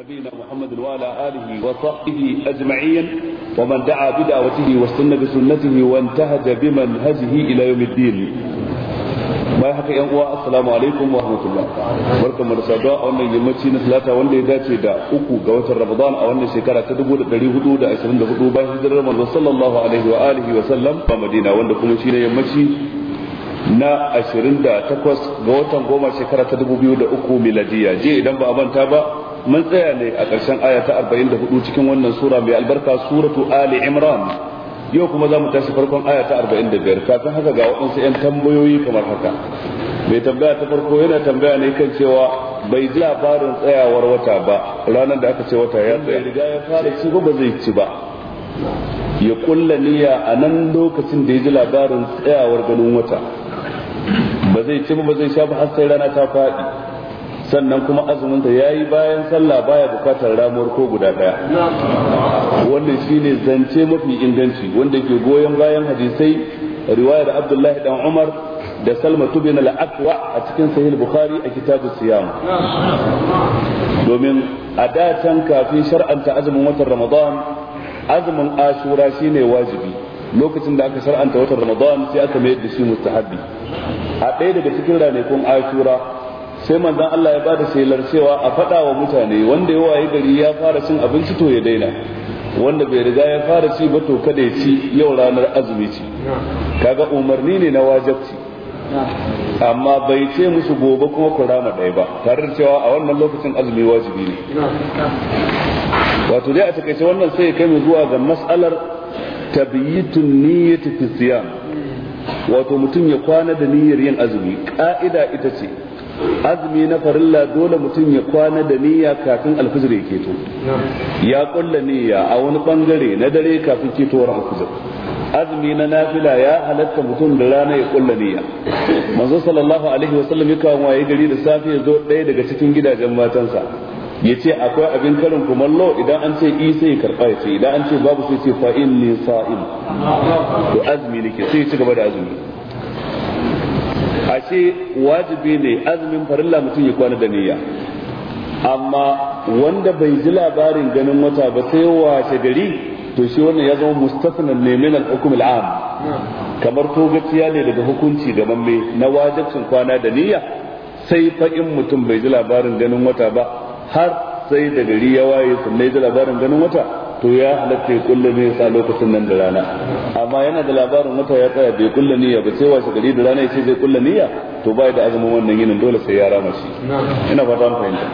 نبينا محمد وعلى آله وصحبه أجمعين ومن دعا بدعوته واستنى بسنته وانتهج بمنهجه إلى يوم الدين bayan haka yan uwa assalamu alaikum wa rahmatullah barkan mu da a wannan yammaci na talata wanda ya dace da uku ga watan ramadan a wannan shekara ta 1424 bayan hijirar manzon sallallahu alaihi wa alihi wa sallam a madina wanda kuma yammaci na ga watan goma shekara ta uku miladiya je idan ba a manta ba mun tsaya ne a ƙarshen aya ta 44 cikin wannan sura mai albarka suratu ali imran yau kuma za mu tashi farkon aya ta ka san haka ga waɗansu 'yan tambayoyi kamar haka mai tambaya ta farko yana tambaya ne kan cewa bai ji labarin tsayawar wata ba ranar da aka ce wata ya tsaya riga ya fara ci ba ba zai ci ba ya kulla niyya a nan lokacin da ya ji labarin tsayawar ganin wata ba zai ci ba ba zai sha ba har sai rana ta faɗi sannan kuma azuminta ya yi bayan sallah baya bukatar ramuwar ko guda daya wannan shine zance mafi inganci wanda ke goyon bayan hadisai riwayar abdullahi dan umar da salma tubin al-aqwa a cikin sahih bukhari a kitabu siyam domin a da can kafin shar'anta azumin watan ramadan azumin ashura shine wajibi lokacin da aka shar'anta watan ramadan sai aka mayar da shi mustahabbi a ɗaya daga cikin ranakun ashura sai manzon Allah ya ba da shelar cewa a faɗa wa mutane wanda ya waye gari ya fara cin abinci to ya daina wanda bai riga ya fara ci ba to kada ya ci yau ranar azumi ce kaga umarni ne na wajabci amma bai ce musu gobe kuma ku rama ɗaya ba tare da cewa a wannan lokacin azumi wajibi ne wato dai a takaice wannan sai ya kai zuwa ga mas'alar tabyitun niyyati fi siyam wato mutum ya kwana da niyyar yin azumi ka'ida ita ce azumi na farilla dole mutum ya kwana da niyya kafin alfijir ya keto ya kulla niyya a wani bangare na dare kafin ketowar alfijir azumi na nafila ya halatta mutum da rana ya kulla niyya manzo sallallahu alaihi wasallam ya kawo waye gari da safe ya zo ɗaya daga cikin gidajen matansa ya ce akwai abin karin kumallo idan an ce i sai karɓa ya ce idan an ce babu sai ce fa'in ni sa'in to azumi nake sai ya ci gaba da azumi ashe wajibi ne azumin farilla mutum ya kwana da niyya amma wanda bai ji labarin ganin wata ba sai washe gari to shi wannan ya zama mustafinan ne min al-hukm am kamar togaciya ne daga hukunci ga mamme na wajibcin kwana da niyya sai fa in mutum bai ji labarin ganin wata ba har sai da gari ya waye sannan ji labarin ganin wata to ya halatta ya kulle ne sa lokacin nan da rana amma yana da labarin wata ya tsaya bai kulle niyya ba sai washe gari da rana ya ce zai kulle niyya to bai da azumin wannan yinin dole sai ya rama shi ina ba zan fahimta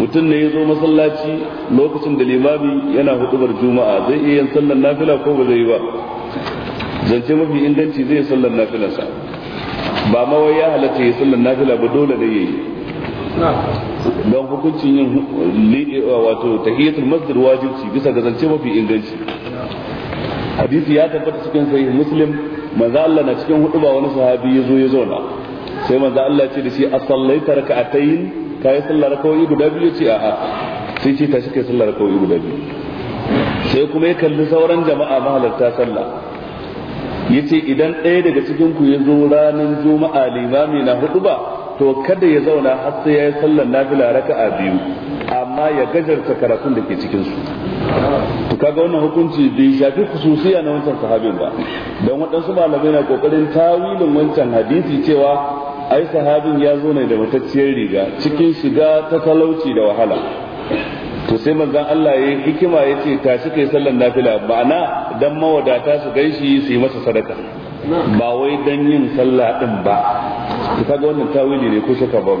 mutum ne ya zo masallaci lokacin da limami yana hudubar juma'a zai iya yin sallar nafila ko ba zai yi ba zance mafi inganci zai sallar nafilansa ba ma wai ya halatta ya yi sallar nafila ba dole ne yayi don hukuncin yin wato tahiyatul masjid wajibci bisa ga zance mafi inganci hadisi ya tabbata cikin sahih muslim manzo Allah na cikin hudu ba wani sahabi yazo ya zauna sai manzo Allah ya ce da shi as raka'atayn kai sallar rakawi guda biyu ce a'a sai ce ta shike sallar rakawi guda biyu sai kuma ya kalli sauran jama'a mahalarta sallah yace idan ɗaya daga cikin ku yazo ranar juma'a limami na hudu ba to kada ya zauna har sai ya yi sallar nafila a biyu amma ya gajarta karatun da ke cikin su to kaga wannan hukunci bai shafi khususiya na wancan sahabin ba don waɗansu malamai na kokarin tawilin wancan hadisi cewa ai sahabin ya zo ne da matacciyar riga cikin shiga ta talauci da wahala to sai manzon Allah ya hikima ya ce tashi kai sallar nafila ma'ana dan mawadata su gaishi su yi masa sadaka ba wai dan yin sallah din ba to kaga wannan tawili ne ko shaka ba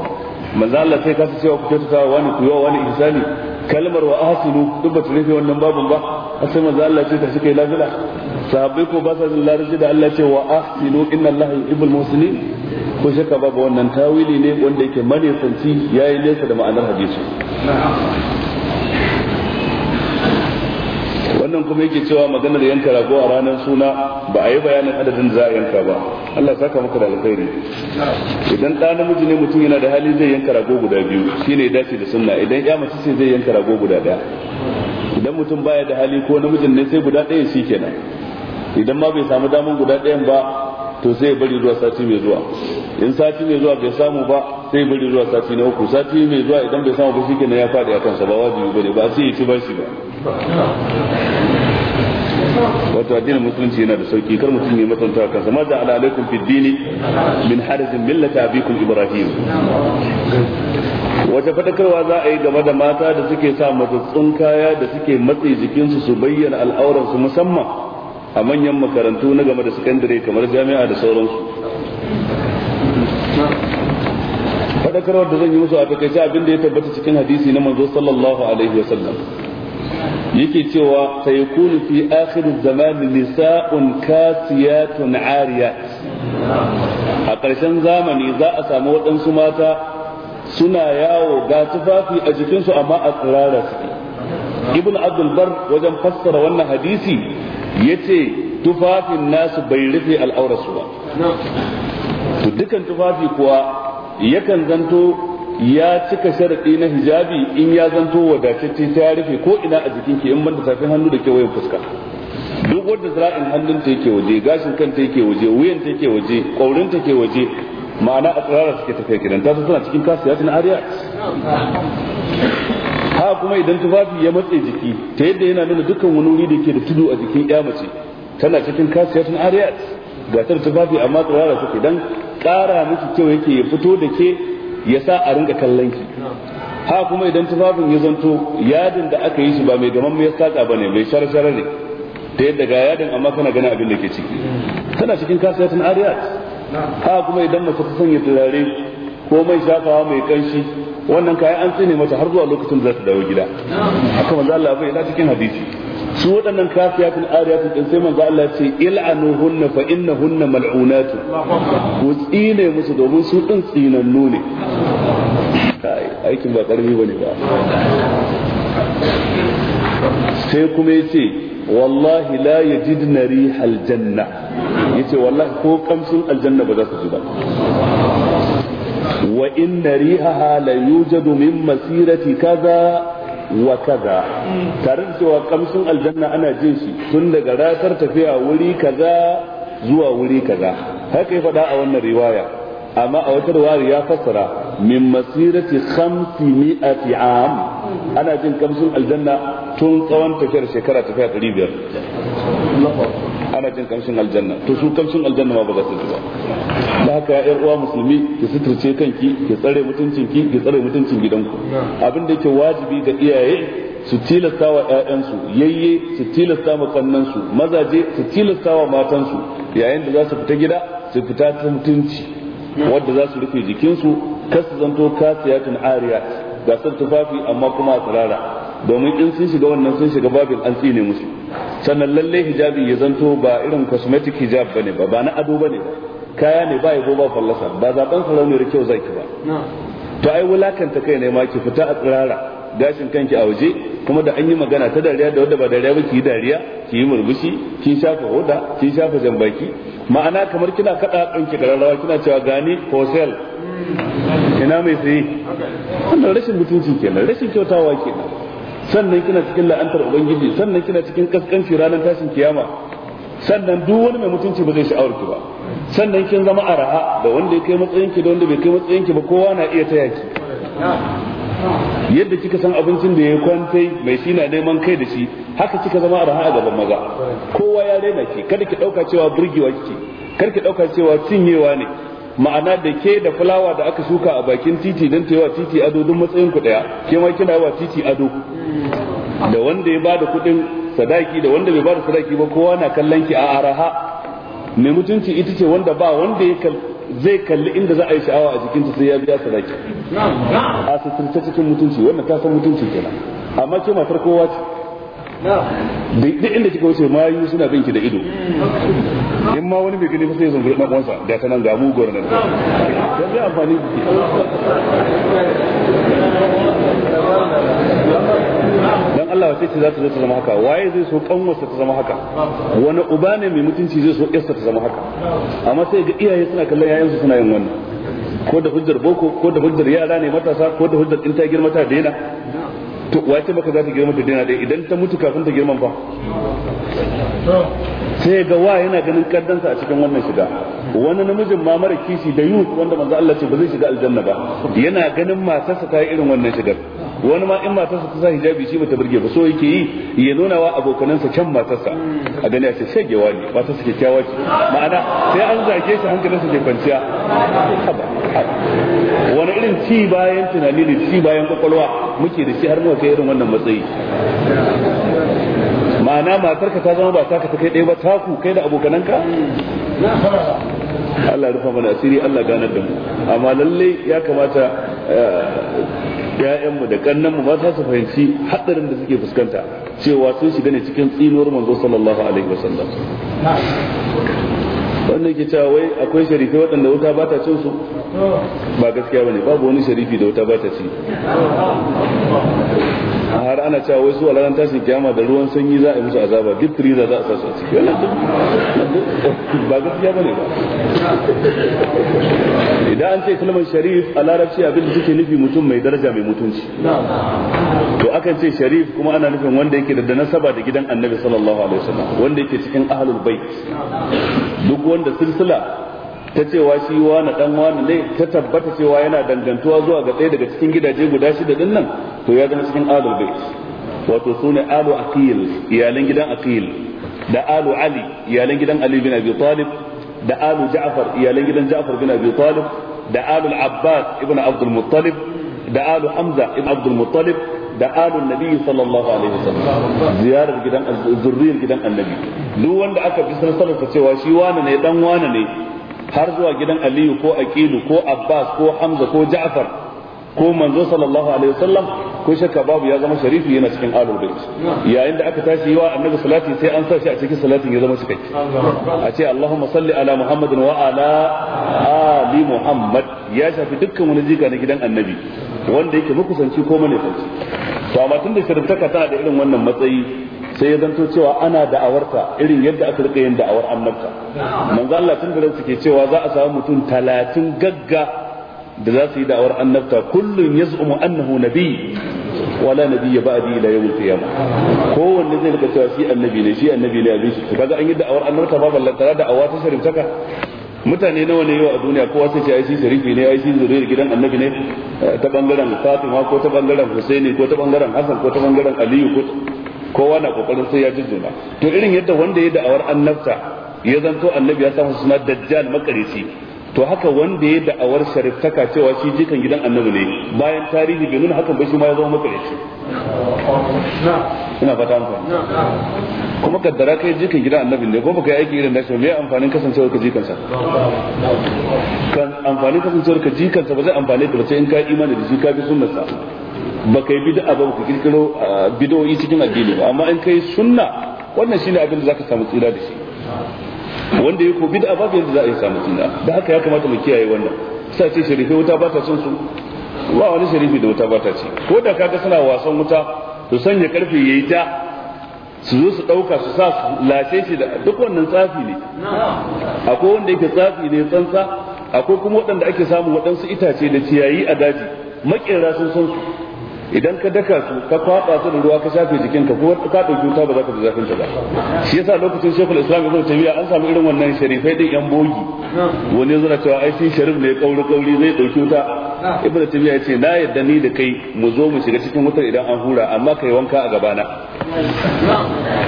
manzo Allah sai ka ce cewa ku kyautata wa wani ku yi wa wani ihsani kalmar wa ahsinu duk ba ta rufe wannan babun ba sai manzo Allah ce ta suka yi sahabbai ko ba sa jin larabci da Allah ce wa ahsinu inna Allah yuhibbul muslimin ko shaka ba wannan tawili ne wanda yake mane sanci yayi nesa da ma'anar hadisi wannan kuma yake cewa maganar yanka rago a ranar suna ba a yi bayanin adadin za a yanka ba Allah ya saka maka da alkhairi idan ɗa namiji ne mutum yana da hali zai yanka rago guda biyu shine ya dace da sunna idan ya mace ce zai yanka rago guda ɗaya idan mutum baya da hali ko namijin ne sai guda ɗaya shi kenan idan ma bai samu daman guda ɗayan ba to sai bari zuwa sati mai zuwa in sati mai zuwa bai samu ba sai bari zuwa sati na uku sati mai zuwa idan bai samu ba shi kenan ya faɗi a kansa ba wajibi bane ba sai ya ci bashi ba wato addinin musulunci yana da sauki kar mutum ya mutunta kansa ma ja'ala alaikum fid dini min harajin millata abikum ibrahim wata fadakarwa za a yi game da mata da suke sa matsatsun kaya da suke matsi jikinsu su bayyana al'auransu musamman a manyan makarantu na game da sakandare kamar jami'a da sauransu faɗakarwar da zan yi musu a takaice abin da ya tabbata cikin hadisi na manzo sallallahu alaihi wasallam yake cewa sayakunu fi akhir zamani nisa'un kasiyatun ariyat a ƙarshen zamani za a samu waɗansu mata suna yawo ga tufafi a jikinsu amma a tsirara ibn abdul bar wajen fassara wannan hadisi yace tufafin nasu bai rufe al'aurarsu ba to dukan tufafi kuwa yakan zanto ya cika sharadi na hijabi in ya zanto wadatacce ta rufe ko ina a jikin ki in banda safin hannu da kewayen fuska duk wanda zira'in hannunta yake waje gashin kanta yake waje wuyan ta yake waje ta yake waje ma'ana a tsara suke tafiya gidan ta tana cikin kasiyatin ariya. ha kuma idan tufafi ya matse jiki ta yadda yana nuna dukkan wani wuri da ke da tudu a jikin ya mace tana cikin kasiyatun ariyat ga tar tufafi amma tsirara su idan kara miki kyau yake ya fito da ke ya sa a rinka kallon ki ha kuma idan tufafin ya zanto yadin da aka yi shi ba mai gaman mai saka bane mai sharshara ne ta yadda ga yadin amma kana ganin abin da ke ciki tana cikin kasiyatun ariyat ha kuma idan mace ta sanya turare ko mai shafawa mai kanshi wannan kaya an tsine mata har zuwa lokacin da za ta dawo gida haka manzo Allah bai yana cikin hadisi su waɗannan kafiyatun ariyatun din sai manzo Allah ce il'anuhunna fa innahunna mal'unatu ku tsine musu domin su din tsinannu ne aikin ba karfi bane ba sai kuma yace wallahi la yajidna rihal janna yace wallahi ko kamshin aljanna ba za su ji ba wa inna rihaha la yujadu min masirati kaza wa kaza tare da cewa kamsin aljanna ana jin shi tun daga ratar tafiya wuri kaza zuwa wuri kaza ka yi faɗa a wannan riwaya amma a wata riwaya ya fassara min masirati khamsi mi'ati am ana jin kamsin aljanna tun tsawon tafiyar shekara tafiya 500 ana jin kamshin aljanna to su kamshin aljanna ma ba za su ji ba da haka ya uwa musulmi ki suturce kanki ki tsare mutuncin ki ki tsare mutuncin gidanku abin da yake wajibi ga iyaye su tilasta wa ‘ya'yansu yayye su tilasta wa kannansu mazaje su tilasta wa matansu yayin da za su fita gida su fita ta mutunci wadda za su rufe jikinsu kar su zanto kasiyatun ariya gasar tufafi amma kuma a tsirara domin in sun shiga wannan sun shiga babin an tsine musu sannan lalle hijabi ya zanto ba irin cosmetic hijab bane ba ba na ado bane ba kaya ne ba yabo ba fallasa ba zaben da kyau zaki ba to ai wulakanta kai ne ma ki fita a tsirara gashin kanki a waje kuma da an yi magana ta dariya da wanda ba dariya ba ki yi dariya ki yi murmushi ki shafa hoda ki shafa jambaki ma'ana kamar kina kada kanki gararrawa kina cewa gani for hmm. ina mai sayi wannan rashin mutunci kenan rashin kyautawa kenan sannan kina cikin la'antar ubangiji sannan kina cikin kaskanci ranar tashin kiyama sannan duk wani mai mutunci ba zai sha'awar ki ba sannan kin zama araha da wanda ya kai matsayin ki da wanda bai kai matsayin ki ba kowa na iya taya ki yadda kika san abincin da ya kwantai mai shi na neman kai da shi haka kika zama araha a gaban maza kowa ya rena ki kada ki dauka cewa burgewa ki karki ki dauka cewa cinyewa ne ma'ana da ke da fulawa da aka shuka a bakin titi don ta yi wa titi ado don matsayin ku daya ke ma kina yi wa titi ado da wanda ya bada kudin sadaki da wanda bai bada sadaki ba kowa na kallon ki a araha mai mutunci ita ce wanda ba wanda ya zai kalli inda za a yi sha'awa a jikinta sai ya biya sadaki a sassan cikin mutunci wannan ta san mutunci kenan amma ke matar kowa ce duk inda kika wuce mayu suna bin ki da ido in ma wani bai gani ba sai zungure dan uwansa da ta nan ga mu gora nan dan bai amfani dan Allah wace ce za ta zo ta zama haka waye zai so kanwarsa ta zama haka wani uba ne mai mutunci zai so yarsa ta zama haka amma sai ga iyaye suna kallon yayansu suna yin wannan ko da hujjar boko ko da hujjar yara ne matasa ko da hujjar in ta girma ta daina to wace baka za ta girma ta dina dai idan ta mutu kafin ta girma fa sai ga wa yana ganin kaddansa a cikin wannan shiga wani namijin ma mara kishi da yusuf wanda manzo Allah ce ba zai shiga aljanna ba yana ganin matarsa ta yi irin wannan shigar wani ma in matarsa ta sa hijabi shi bata burge ba so yake yi ya nuna wa abokanansa can matarsa a gani a ce gewa ne matarsa kyawa ce ma'ana sai an zage shi hankalinsa ke kwanciya wani irin ci bayan tunani ne ci bayan kwakwalwa muke da shi har muka kai irin wannan matsayi ma'ana matarka ta zama ba taka ta kai ɗaya ba ta ku kai da abokananka Allah rufa mana asiri Allah ganar da mu amma lalle ya kamata eh, ‘ya’yanmu da kannanmu ma za su fahimci hadarin da suke fuskanta cewa sun shiga ne cikin tsinuwar manzo sallallahu alaihi wasallam wannan ke cewa wai akwai sharifi waɗanda wuta ba ta cin su ba gaskiya bane babu wani sharifi da wuta ba ta ci har ana cewa wai zuwa ranar tashin kiyama da ruwan sanyi za a yi musu azaba duk da za a sa su a ciki ba gaskiya bane ba idan an ce kalmar sharif a larabci abin da suke nufi mutum mai daraja mai mutunci to akan ce sharif kuma ana nufin wanda yake da nasaba da gidan annabi sallallahu alaihi wasallam wanda yake cikin ahlul bait duk wanda silsila ta cewa shi wani dan wani ne ta tabbata cewa yana dangantuwa zuwa ga ɗaya daga cikin gidaje guda shida din nan to ya zama cikin alu bai wato sune alu aqil iyalan gidan aqil da alu ali iyalan gidan ali bin abi talib da alu ja'far iyalan gidan ja'far bin abi talib da alu abbas ibn abdul muttalib da alu hamza ibn abdul muttalib da alu nabi sallallahu alaihi wasallam ziyarar gidan zurriyar gidan annabi duk wanda aka bi san sanar cewa shi na ne dan na ne har zuwa gidan aliyu ko aqilu ko abbas ko hamza ko ja'far ko manzo sallallahu alaihi wasallam ko shakka babu ya zama sharifi yana cikin alul bait yayin da aka tashi yawa annabi salati sai an sa shi a cikin salatin ya zama shi kai a ce allahumma salli ala muhammadin wa ala ali muhammad ya shafi dukkan wani jika na gidan annabi wanda yake makusanci ko manufanci to amma tun da shirin tana da irin wannan matsayi sai ya zanto cewa ana da'awarta irin yadda aka rika yin da'awar annabta manzo Allah tun da suke cewa za a samu mutum talatin gagga da za su yi da'awar annabta kullum yaz'umu annahu nabi wala nabiyya ba'di ila yawmil qiyamah kowanne zai rika cewa shi annabi ne shi annabi ne abin shi kaga an yi da'awar annabta ba ballantara da'awa ta sharifta mutane nawa ne yau a duniya kowa sai ce ai shi sharifi ne ai shi zuriyar gidan annabi ne ta bangaren Fatima ko ta bangaren Husaini ko ta bangaren Hassan ko ta bangaren Aliyu ko kowa na kokarin sai ya jujjuna to irin yadda wanda ya da'awar annabta ya zanto annabi ya samu suna dajjal makarisi to haka wanda ya da'awar sharifta cewa shi jikan gidan annabi ne bayan tarihi bai nuna hakan ba shi ma ya zama makarisi ina fata amfani kuma kaddara kai jikan gidan annabi ne kuma baka yi aiki irin nasu me amfanin kasancewar ka jikansa kan amfanin kasancewar ka jikansa ba zai amfane ka ba sai in ka imani da shi ka bi sunnarsa ba kai bid'a ba ka kirkiro bid'o'i cikin addini ba amma in kai sunna wannan shine abin da zaka samu tsira da shi wanda yake bid'a ba yanda za a yi samu tsira da haka ya kamata mu kiyaye wannan sai ce sharifi wuta ba ta son su ba wani sharifi da wuta ba ta ci ko da kaga suna wasan wuta su sanya karfe yayi ta su zo su ɗauka su sa su lashe shi da duk wannan tsafi ne akwai wanda yake tsafi ne tsansa akwai kuma waɗanda ake samun waɗansu itace da ciyayi a daji makera sun san su idan ka daka su ka kwaɗa su da ruwa ka shafe ka kuma ka ɗauki wuta ba za ka ji zafin ta ba shi yasa lokacin shekul islam ibn taymiya an samu irin wannan sharifai din yan bogi wani zura cewa ai shi sharif ne kauri kauri zai ɗauki wuta ibnu tabiya yace na yadda ni da kai mu zo mu shiga cikin wutar idan an hura amma kai wanka a gabana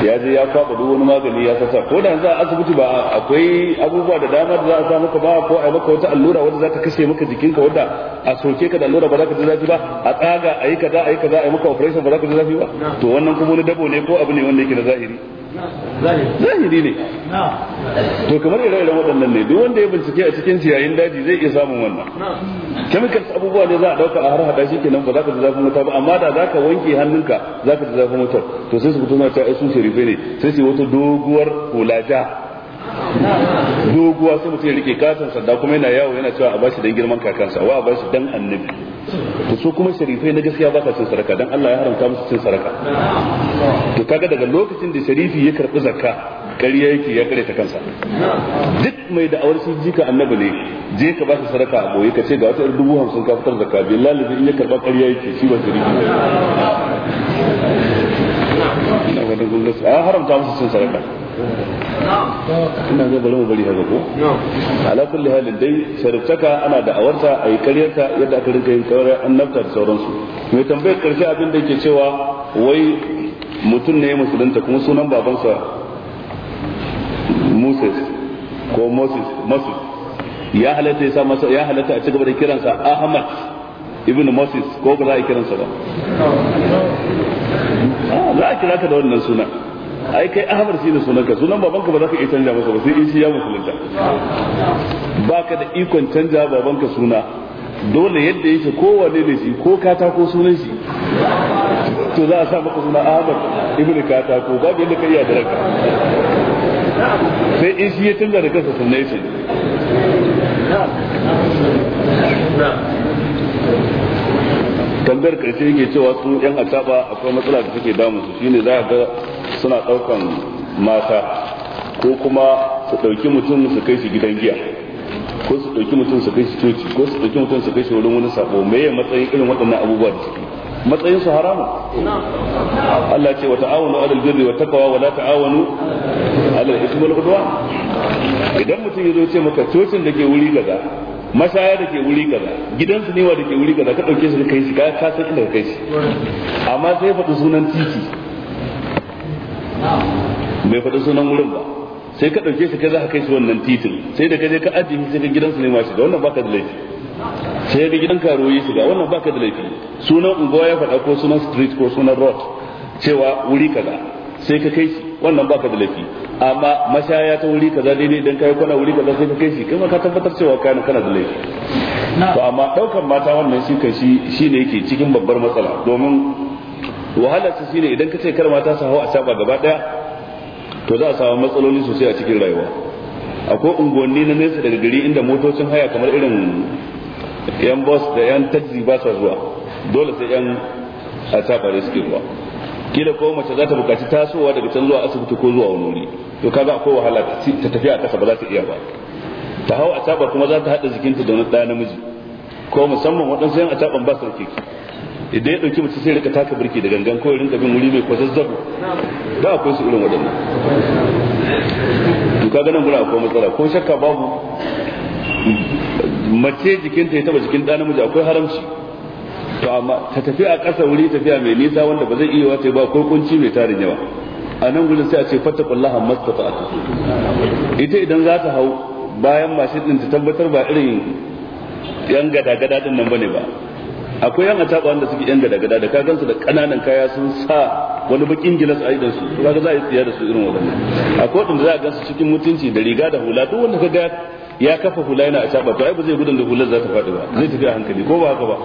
ya je ya kwaba duk wani magani ya sassa ko da za a asibiti ba akwai abubuwa da dama da za a sa maka ba ko a maka wata allura wanda za ta kashe maka jikinka wanda a soke ka da allura ba za ka ji zafi ba a tsaga a yi kaza a yi kaza a yi maka operation ba za ka ji zafi ba to wannan kuma wani dabo ne ko abu ne wanda yake da zahiri zahiri ne to kamar ire-iren waɗannan ne duk wanda ya bincike a cikin ciyayin daji zai iya samun wannan chemicals abubuwa ne za a ɗauka a har hada shi kenan ba za ka ji zafin wuta ba amma da za ka wanke hannunka za ka ji zafin wutar to sai su fito na ta su sharife ne sai su wata doguwar kulaja doguwa sai mutum ya rike katon sanda kuma yana yawo yana cewa a bashi dan girman kakansa wa a bashi dan annabi to su kuma sharifai na gaskiya ba sa cin saraka dan Allah ya haramta musu cin saraka to kaga daga lokacin da sharifi ya karbi zakka ƙarya yake ya kare ta kansa duk mai da awar shi jika annabi ne je ka ba shi saraka a boye ka ce ga wata dubu hamsin ka fitar zakka billahi in ya karba ƙarya yake shi ba sharifi ne haramta musu cin saraka ina ga bari mu bari haka ko ala kulli halin dai sharifcaka ana da'awarta a yi karyarta yadda aka rinka yin an annabta da sauransu mai tambayar karshe abin da yake cewa wai mutum ne musulunta kuma sunan babansa Moses ko Moses Moses ya halatta ya masa ya halatta a cigaba da kiransa Ahmad ibn Moses ko ba za a kiransa ba ah, za a kira ka da wannan sunan ai kai ahmad shi ne sunanka sunan babanka ba za ka iya canja masa ba sai in shi ya musulunta ba ka da ikon canja babanka suna dole yadda ya ce kowane ne shi ko katako sunan shi to za a sa maka suna ahmad ibn katako babu yadda ka iya da raka sai in shi ya canza da kansa sunan shi tambayar karshe yake cewa sun yan acaba akwai matsala da take damun su shine za a ga suna ɗaukan mata ko kuma su ɗauki mutum su kai shi gidan giya ko su ɗauki mutum su kai shi coci ko su ɗauki mutum su kai shi wurin wani sako me ya matsayin irin waɗannan abubuwa da suke matsayin su haramun Allah ce wa ta'awunu alal birri wa taqwa wa la ta'awunu alal ismi wal udwan idan mutum ya zo ce maka cocin da ke wuri kaza mashaya da ke wuri kaza ne wa da ke wuri kaza ka ɗauke su ka kai shi ka san inda ka kai shi amma sai faɗi sunan titi bai faɗi sunan wurin ba sai ka ɗauke shi kai za ka kai shi wannan titin sai da ka je ka ajiye sai ka gidansu ne ma shiga wannan baka da laifi sai ga gidan karo yi shiga wannan baka da laifi sunan unguwa ya faɗa ko sunan street ko sunan road cewa wuri kaza sai ka kai shi wannan baka da laifi amma mashaya ta wuri kaza dai ne idan kai kwana wuri kaza sai ka kai shi kuma ka tabbatar cewa kana kana da laifi to amma daukan mata wannan shi kai shi shine yake cikin babbar matsala domin wahala ce shine idan ka ce kar mata su hawa a saba gaba daya to za a samu matsaloli sosai a cikin rayuwa akwai unguwanni na nesa daga gari inda motocin haya kamar irin yan bus da yan taxi ba sa zuwa dole sai yan a saba da suke zuwa kila ko mace za ta bukaci tasowa daga can zuwa asibiti ko zuwa wani wuri to kaga akwai wahala ta tafiya a kasa ba za ta iya ba ta hau a saba kuma za ta haɗa jikinta da wani ɗaya namiji ko musamman waɗansu yan a saban ba su da keke idan ya dauki mutum sai rika taka birki da gangan ko rinka bin wuri mai kwazazzabo da akwai su irin waɗannan to kaga nan gura akwai matsala ko shakka babu mace jikinta ya taba jikin ɗan namiji akwai haramci to amma ta tafi a ƙasa wuri tafiya mai nisa wanda ba zai iya wace ba ko kunci mai tarin yawa a nan gudun sai a ce fattakullaha mastata'atu ita idan za ta hau bayan mashin din ta tabbatar ba irin yan gada-gada din nan bane ba akwai yan ataba wanda suke yan gada gada da ka gansu da kananan kaya sun sa wani bakin gilas a idan su to kaga za a yi tsiya da su irin wadannan akwai wanda za a gansu cikin mutunci da riga da hula duk wanda kaga ya kafa hula yana ataba to ai ba zai gudun da hular za ta faɗi ba zai tafi a hankali ko ba haka ba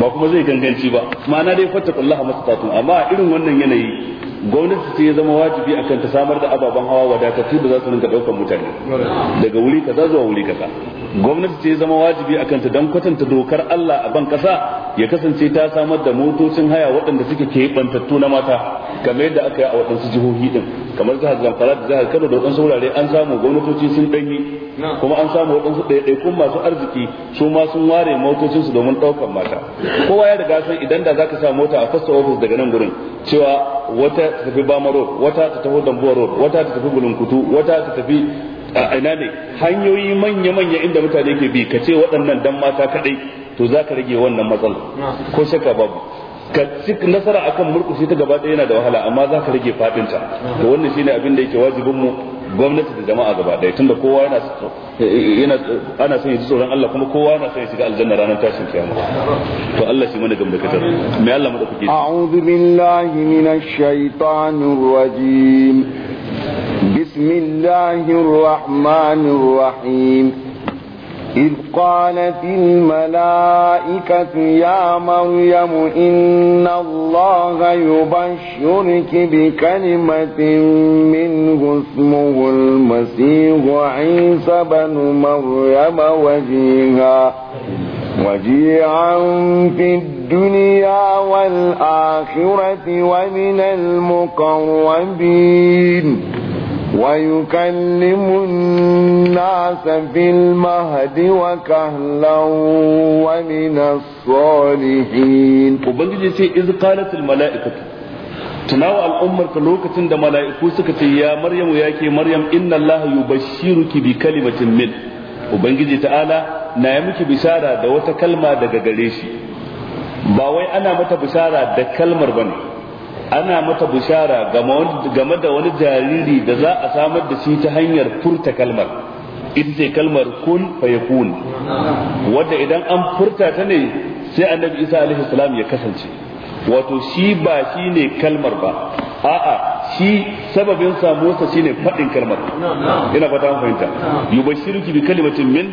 ba kuma zai ganganci ba ma'ana dai kwata kullaha mastatun amma a irin wannan yanayi gwamnati ce ya zama wajibi akan ta samar da ababen hawa wadatattu da za su rinka daukar mutane daga wuri kaza zuwa wuri kaza gwamnati ce ya zama wajibi akan ta dan kwatanta dokar Allah a ban kasa ya kasance ta samar da motocin haya waɗanda suke keɓantattu na mata kamar yadda aka yi a waɗansu jihohi din kamar jihar Zamfara da jihar Kano da waɗansu wurare an samu gwamnatoci sun ɗanyi kuma an samu waɗansu ɗaiɗaikun masu arziki su ma sun ware motocinsu domin ɗaukar daukan mata kowa ya riga san idan da zaka sa mota a fasta office daga nan gurin cewa wata ta tafi bama road wata ta tafi dambuwa road wata ta tafi gulunkutu wata ta tafi a ina ne hanyoyi manya-manya inda mutane ke bi ka ce waɗannan dan mata kaɗai to za ka rage wannan matsala ko shakka babu ka cik nasara akan murkushe ta gaba ɗaya yana da wahala amma za ka rage faɗinta to wannan shine abin da yake wajibin mu gwamnati da jama'a gaba ɗaya tunda kowa yana yana ana son ya ji tsoron Allah kuma kowa yana son ya shiga aljanna ranar tashin kiyama to Allah shi mana gamba kadar me Allah mu dauke a'udhu billahi minash shaitanir rajim bismillahir rahmanir rahim إذ قالت الملائكة يا مريم إن الله يبشرك بكلمة منه اسمه المسيح عيسى بن مريم وجيها وجيعا في الدنيا والآخرة ومن المقربين ويكلم الناس في المهد وكهلا ومن الصالحين وبنجي سي إذ قالت الملائكة تناوى الأمة كلوكة دا ملائكو سكتي يا مريم وياكي مريم إن الله يبشرك بكلمة منه وبنجي تعالى نايمك بشارة دا وتكلمة دا غريشي ba wai ana mata bishara da kalmar bane ana mata bishara game da wani jariri da za a samar da shi ta hanyar furta kalmar ita ce kalmar kun fayakun wadda idan an furta ta ne sai annabi isa alaihi salam ya kasance wato shi ba shi ne kalmar ba a'a shi sababin samuwarsa shine faɗin kalmar ina fata an fahimta yubashiruki bi kalimatin min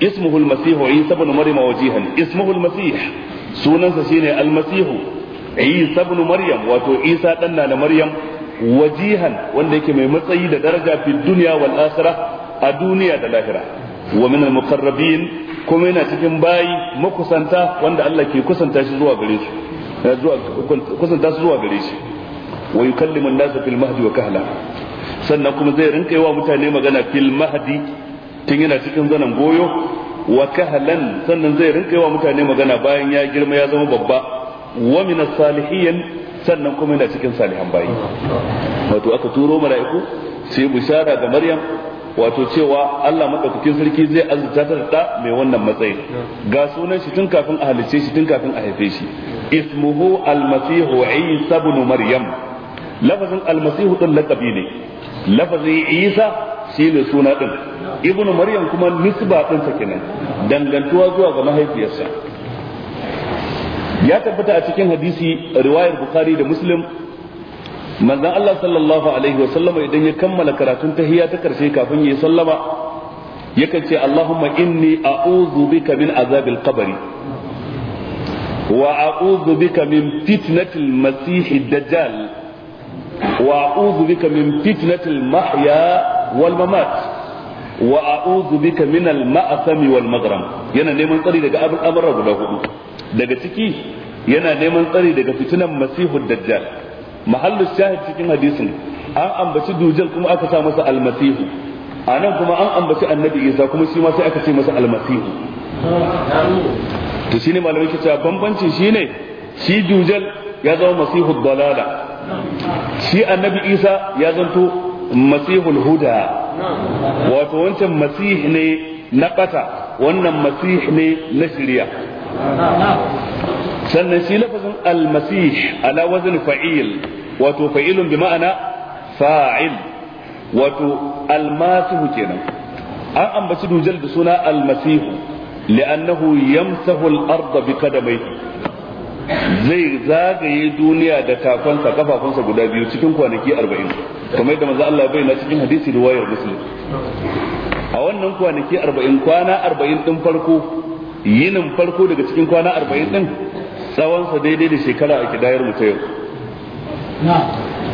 ismuhu almasihu isa ibn maryam wajihan ismuhu almasih sunansa shine almasihu isa ibn maryam wato isa dan na maryam wajihan wanda yake mai matsayi da daraja fi dunya wal akhirah a duniya da lahira wa min al muqarrabin kuma yana cikin bayi makusanta wanda Allah ke kusanta shi zuwa gare shi eh, zuwa kusanta shi zuwa gare shi wa yukallimu an nas fil mahdi wa kahla sannan kuma zai rinka yi wa mutane magana fil mahdi tun yana cikin zanen goyo wa kahlan sannan zai rinka yi wa mutane magana bayan ya girma ya zama babba wa min salihin sannan kuma yana cikin salihan bayi wato aka turo mala'iku sai bishara ga maryam wato cewa Allah madaukakin sarki zai azurta ta da mai wannan matsayi ga sunan shi tun kafin a halice shi tun kafin a haife shi ismuhu almasihu isa ibn maryam lafazin Almasihu din laqabi ne lafazin isa shine suna din ibn maryam kuma nisba din sa kenan dangantuwa zuwa ga mahaifiyarsa ya tabbata a cikin hadisi riwayar bukhari da muslim manzon Allah sallallahu alaihi wa sallama idan ya kammala karatun tahiyya ta karshe kafin ya sallama yakan ce Allahumma inni a'udhu bika min azabil qabri wa a'udhu bika min fitnatil masih wa a'udhu bika min mahya wal wa a'udhu bika min al yana neman tsari daga abin amara guda hudu daga ciki yana neman tsari daga fitinan masihu dajjal mahallu shahid cikin hadisin an ambaci dujal kuma aka sa masa almasihu a kuma an ambaci annabi isa kuma shi ma sai aka ce masa almasihu to shine malamai ke cewa bambancin shine shi dujal ya zama masihu dalala shi annabi isa ya zanto masihul huda wato wancan masih ne na kata wannan masih ne na shirya sannan shi lafazin almasih ala wazn fa'il wato fa'ilun bi ma'ana fa'il wato almasihu kenan an ambaci dujal da suna almasihu li'annahu yamsahu al-ardh bi qadamayhi zai zagaye duniya da takonsa kafafunsa guda biyu cikin kwanaki 40 kamar yadda manzo Allah ya bayyana cikin hadisi riwayar muslim a wannan kwanaki 40 kwana 40 din farko yinin farko daga cikin kwana arba'in din tsawonsa daidai da shekara a kidayar mu ta yau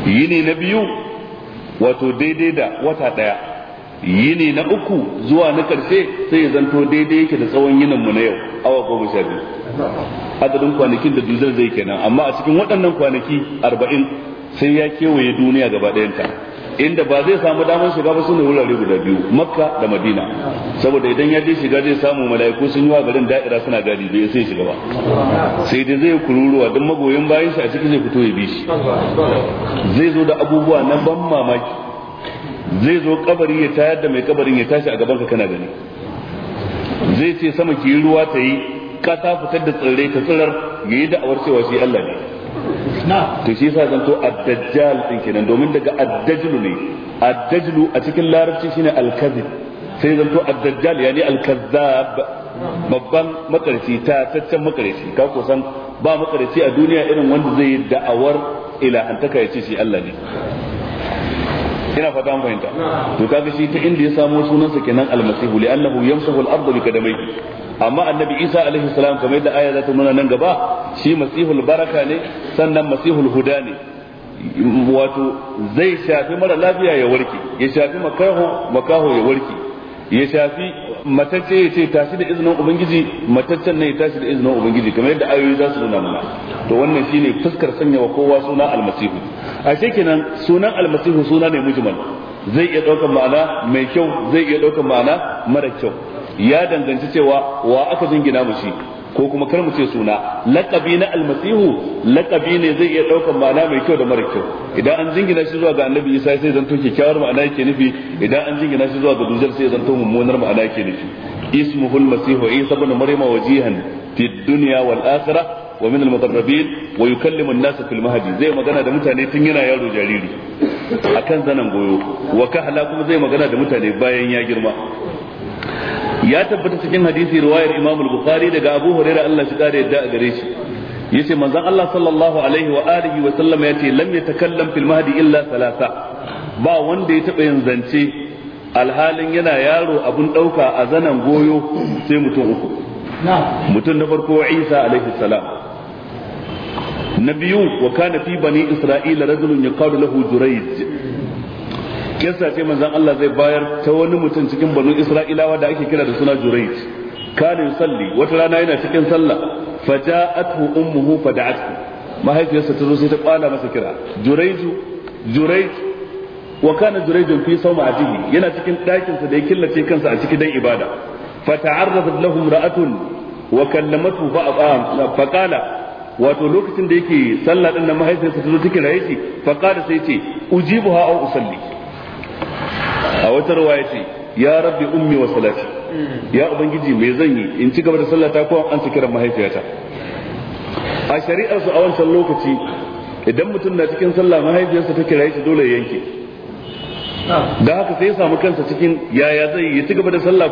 yini na biyu wato daidai da wata ɗaya yini na uku zuwa na ƙarshe sai ya zanto daidai yake da tsawon yinin mu na yau awa goma sha biyu adadin kwanakin da duzar zai kenan amma a cikin waɗannan kwanaki arba'in sai ya kewaye duniya gaba ɗayanta inda ba zai samu damar shiga ba sune wurare guda biyu makka da madina saboda idan ya je shiga zai samu mala'iku sun yi wa garin da'ira suna gadi bai sai shiga ba sai dai zai kururuwa don magoyin bayan shi a cikin zai fito ya bi shi zai zo da abubuwa na ban mamaki zai zo kabari ya tayar da mai kabarin ya tashi a gaban ka kana gani zai ce sama ki ruwa ta yi kasa fitar da tsirrai ta tsirar ya yi da'awar cewa shi Allah ne to shi yasa zanto ad-dajjal din kenan domin daga ad ne ad a cikin larabci shine al-kadhib sai zanto ad-dajjal yani al-kazzab babban makarci ta taccen makarci ka ko san ba makarci a duniya irin wanda zai yi da'awar ilahantaka ya yace shi Allah ne ina fata mun fahimta to kaga shi ta inda ya samo sunansa kenan al-masihu li'annahu yamsahu al-ardh bi kadamayhi amma annabi isa alaihi salam kamar yadda aya za ta nuna nan gaba shi masihul baraka ne sannan masihul huda ne wato zai shafi mara lafiya ya warke ya shafi makaho makaho ya warke ya shafi matacce ya ce tashi da izinin ubangiji mataccen ne ya tashi da izinin ubangiji kamar yadda ayoyi za su nuna mana to wannan shine fuskar sanya wa kowa suna almasihu A kenan sunan almasihu suna ne mujmal zai iya daukar ma'ana mai kyau zai iya daukar ma'ana mara kyau ya danganci cewa wa aka jingina mu shi ko kuma kar mu ce suna laqabi na almasihu laqabi ne zai iya daukan ma'ana mai kyau da mara kyau idan an jingina shi zuwa ga annabi isa sai zanto kyakkyawar ma'ana yake nufi idan an jingina shi zuwa ga dujal sai zanto mummunar ma'ana yake nufi ismuhu almasihu isa ibn maryama wajihan fi dunya wal akhirah wa min almuqarrabin wa yukallimu an-nas fil mahdi zai magana da mutane tun yana yaro jariri akan zanan goyo wa kahla kuma zai magana da mutane bayan ya girma ya tabbata cikin hadisi riwayar Imam al-Bukhari daga Abu Hurairah Allah shi kare yadda a gare shi yace manzon Allah sallallahu alaihi wa alihi wa sallama yace lam yatakallam fil mahdi illa thalatha ba wanda ya taba yin zance alhalin yana yaro abun dauka a zanan goyo sai mutum uku mutum na farko Isa alaihi salam na biyu wa kana fi bani Isra'ila rajulun yaqalu lahu Jurayj Yasa ce manzon Allah zai bayar ta wani mutum cikin banu Isra'ilawa da ake kira da suna Jurayj kana yusalli wata rana yana cikin sallah faja'athu ummuhu fada'athu mahaifiyarsa ta zo sai ta kwala masa kira Jurayju Jurayj wa kana Jurayjun fi sawma'atihi yana cikin ɗakin sa da ya killace kansa a cikin dan ibada fata'arrafat lahum ra'atun wa kallamatu fa qala wato lokacin da yake sallah din nan mahaifiyarsa ta zo take raye shi fa sai ce ujibuha aw usalli wata ruwaya ce ya rabbi ummi wa salati hmm. ya ubangiji me zan yi in ci gaba da sallata ko an ci kiran mahaifiyata a shari'ar su a wancan lokaci idan mutum na cikin sallah mahaifiyarsa ta kira shi dole ya yanke ah. da haka sai ya samu kansa cikin yaya zai ya ci gaba da sallah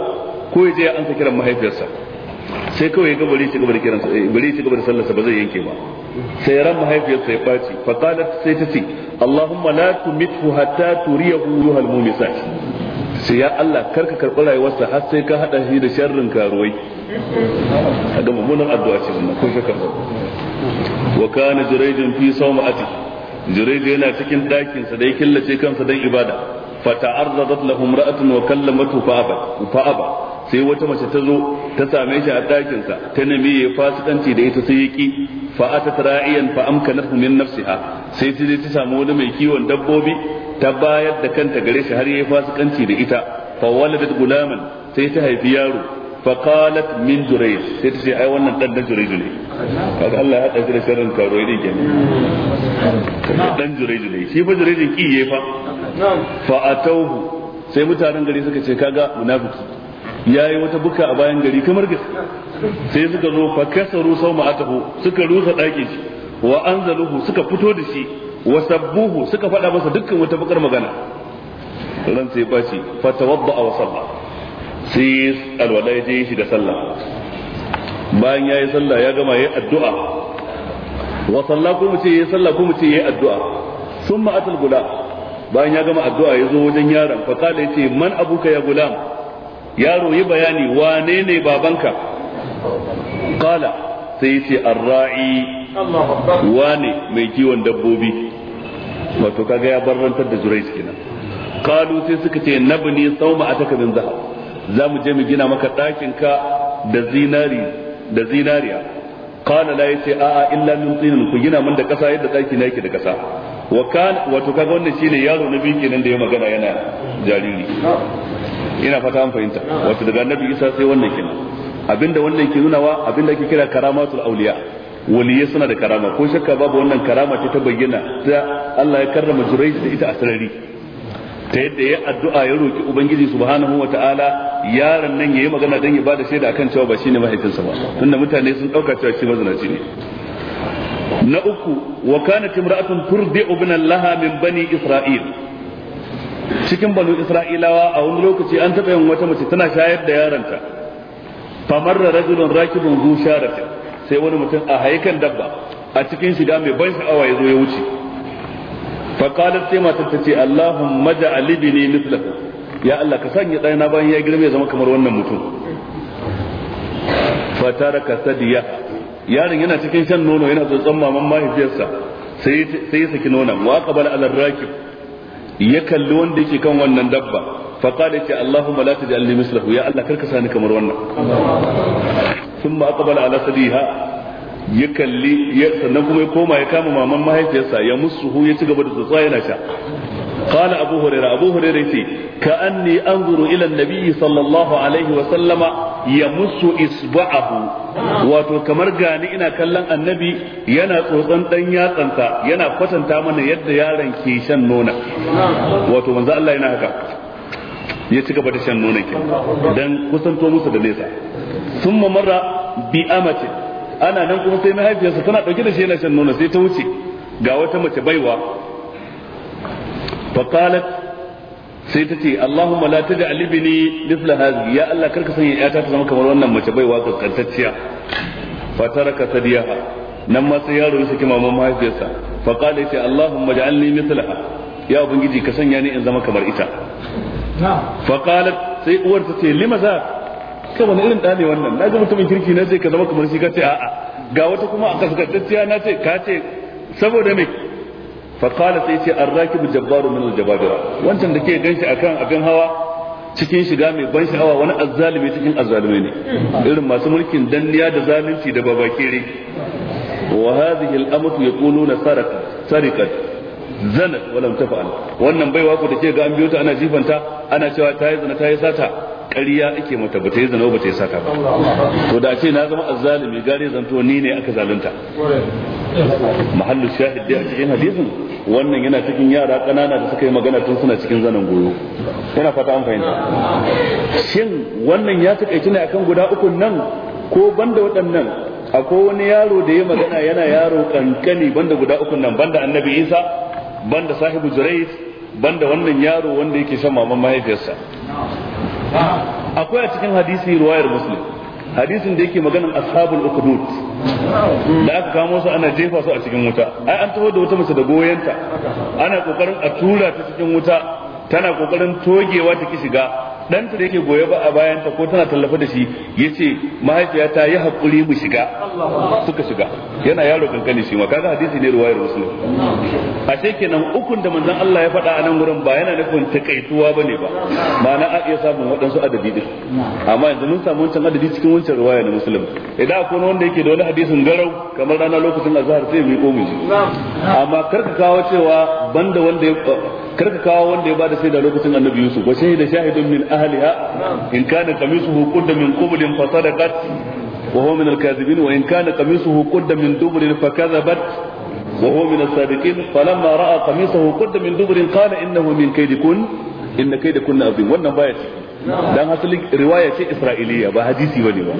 ko ya je ya ansa kiran mahaifiyarsa sai kawai ga bari ci gaba da kiransa eh, bari ci gaba da sallarsa ba zai yanke ba sai ran mahaifiyarsa ya faci fa qalat sai ta ce allahumma la tumithu hatta turiyahu ruhal mumisat sai ya Allah karka karɓi rayuwarsa har sai ka haɗa shi da sharrin karuwai a ga mummunan addu'a ce wannan ko shakar wa kana jurayjun fi sawma'ati jurayj yana cikin ɗakin sa da ya killace kansa dan ibada fa ta'arradat lahu imra'atun wa kallamatu fa aba sai wata mace ta zo ta same shi a ɗakin sa ta nemi ya fasikanci da ita sai ya ki fa atat ra'iyan fa amkanathu min nafsiha sai ta je ta samu wani mai kiwon dabbobi ta bayar da kanta gare shi har yayi fasikanci da ita fa waladat gulaman sai ta haifi yaro fa qalat min jurayj sai ta ce ai wannan dan da jurayj ne kaga Allah ya hada shi da sharrin karoi ne kenan dan jurayj ne shi fa jurayj ki yayi fa fa atawhu sai mutanen gari suka ce kaga munafiki yayi wata buka a bayan gari kamar gaskiya sai suka zo fa kasaru sau ma'atahu suka rusa ɗakin shi wa anzaluhu suka fito da shi wa sabbuhu suka faɗa masa dukkan wata bakar magana ran sai bashi fa tawadda wa salla sai alwala ya je shi da sallah bayan yayi sallah ya gama yayi addu'a wa salla ko muce yayi sallah ko muce yayi addu'a thumma atal gula. bayan ya gama addu'a ya zo wajen yaron fa kala yace man abuka ya gulam yaro yi bayani wane ne babanka kala sai yace arra'i wane mai kiwon dabbobi wato kaga ya barrantar da Jurayj kenan qalu sai suka ce nabni sauma ataka min zahab za mu je mu gina maka ɗakin ka da zinari da zinariya qala la yace a a illa min tinin ku gina min da kasa yadda ɗaki na yake da kasa wa kan wato kaga wannan shine yaro na biyu kenan da ya magana yana jariri ina fata an fahimta wato daga annabi Isa sai wannan kenan abinda wannan ke nunawa abinda ake kira karamatul auliya waliyai suna da karama ko shakka babu wannan karama ce ta bayyana ta Allah ya karrama Jurayj da ita a sarari ta yadda ya addu'a ya roki ubangiji subhanahu ta'ala yaron nan yayi magana dan ya bada shaida akan cewa ba shine mahaifinsa ba tunda mutane sun dauka cewa shi mazinaci ne na uku wa kanat imra'atun turdi'u ibnan laha min bani isra'il cikin banu isra'ilawa a wani lokaci an taɓa yin wata mace tana shayar da yaronta famar da rajulun rakibun zu sharatin sai wani mutum a haikan dabba a cikin shiga mai ban sha'awa ya zo ya wuce faqalat sai matar ta ce allahumma ja'al ne mithlahu ya allah ka sanya na bayan ya girme ya zama kamar wannan mutum ka sadiya yaron yana cikin shan nono yana tsotson maman mahaifiyarsa sai sai ya saki nonon wa qabala ala ya kalli wanda yake kan wannan dabba faqala ta allahumma la taj'al li mithlahu ya allah karka sani kamar wannan thumma aqbala ala sadiha ya kalli sannan kuma ya koma ya kama maman mahaifiyarsa ya musuhu ya ci gaba da tsotsa yana sha قال أبو هريرة أبو هريرة كأني أنظر إلى النبي صلى الله عليه وسلم يمس إصبعه wato kamar gani ina kallon annabi yana tsotson dan yatsansa yana kwatanta mana yadda yaron ke shan nona wato manzo Allah yana haka ya ci gaba da shan nonon ke dan kusanto musu da nesa thumma marra bi amati ana nan kuma sai mahaifiyarsa tana dauke da shi yana shan sai ta wuce ga wata mace baiwa fa qalat sai ta ce Allahumma la taj'al ibni mithla hadhihi ya Allah karka sanya yata ta zama kamar wannan mace baiwa kaskantacciya fa taraka sadiyaha nan ma sai yaro ya saki maman mahaifiyarsa fa qala ya ya ka sanya ni in zama kamar ita fa sai uwar ta ce ce wani irin da ne wannan na ji mutumin kirki na ce ka zama kamar shi ka ce a'a ga wata kuma a kaskantacciya na ce ka ce saboda me faqala sai ce arrakibu jabbaru min aljababira wancan da ke ganshi akan abin hawa cikin shiga mai ban sha'awa wani azzalimi cikin azzalimai ne irin masu mulkin danniya da zalunci da babakere wa hadhihi al-amatu yaquluna sarakat sarikat zanat walam tafa'al wannan baiwa ku da ke ga an biyo ta ana jifanta ana cewa ta yi zina ta yi sata ƙarya ake mata ba ta yi zina ba ta yi sata ba to da ce na zama azzalimi gare zanto ni ne aka zalunta mahallu shahid dai a cikin hadisin wannan yana cikin yara ƙanana da suka yi magana tun suna cikin zanen goyo yana fata an fahimta shin wannan ya takaici ne akan guda uku nan ko banda waɗannan akwai wani yaro da ya magana yana yaro kankani banda guda uku nan banda annabi isa banda sahibu jurais banda wannan yaro wanda yake shan maman mahaifiyarsa akwai a cikin hadisi ruwayar muslim hadisin da yake maganin ashabul ukhdud da aka kamo su ana jefa su a cikin wuta ai an taho da wata mace da goyenta ana kokarin a tura ta cikin wuta tana kokarin togewa ta ki shiga ɗanta da yake goye ba a bayanta ko tana tallafa da shi ya ce mahaifiyata ya haƙuri mu shiga suka shiga yana yaro kankani shi ma kaga hadisi ne ruwayar muslim a sai kenan ukun da manzon Allah ya faɗa a nan gurin ba yana nufin takaituwa bane ba ma'ana a iya samun waɗansu adadi din amma yanzu mun samu wancan adadi cikin wancan ruwaya na muslim idan akwai wanda yake da wani hadisin garau kamar rana lokacin azhar sai mu yi komi amma karka kawo cewa banda wanda ya karka kawo wanda ya bada sai da lokacin annabi yusuf wa shahida shahidun min ahli أهلها إن كان قميصه قد من قبل فصدقت وهو من الكاذبين وإن كان قميصه قد من دبر فكذبت وهو من الصادقين فلما رأى قميصه قد من دبر قال إنه من كيدكن إن كيدكن عظيم وأنا بايت dan asalin riwaya ce isra'iliya ba hadisi bane ba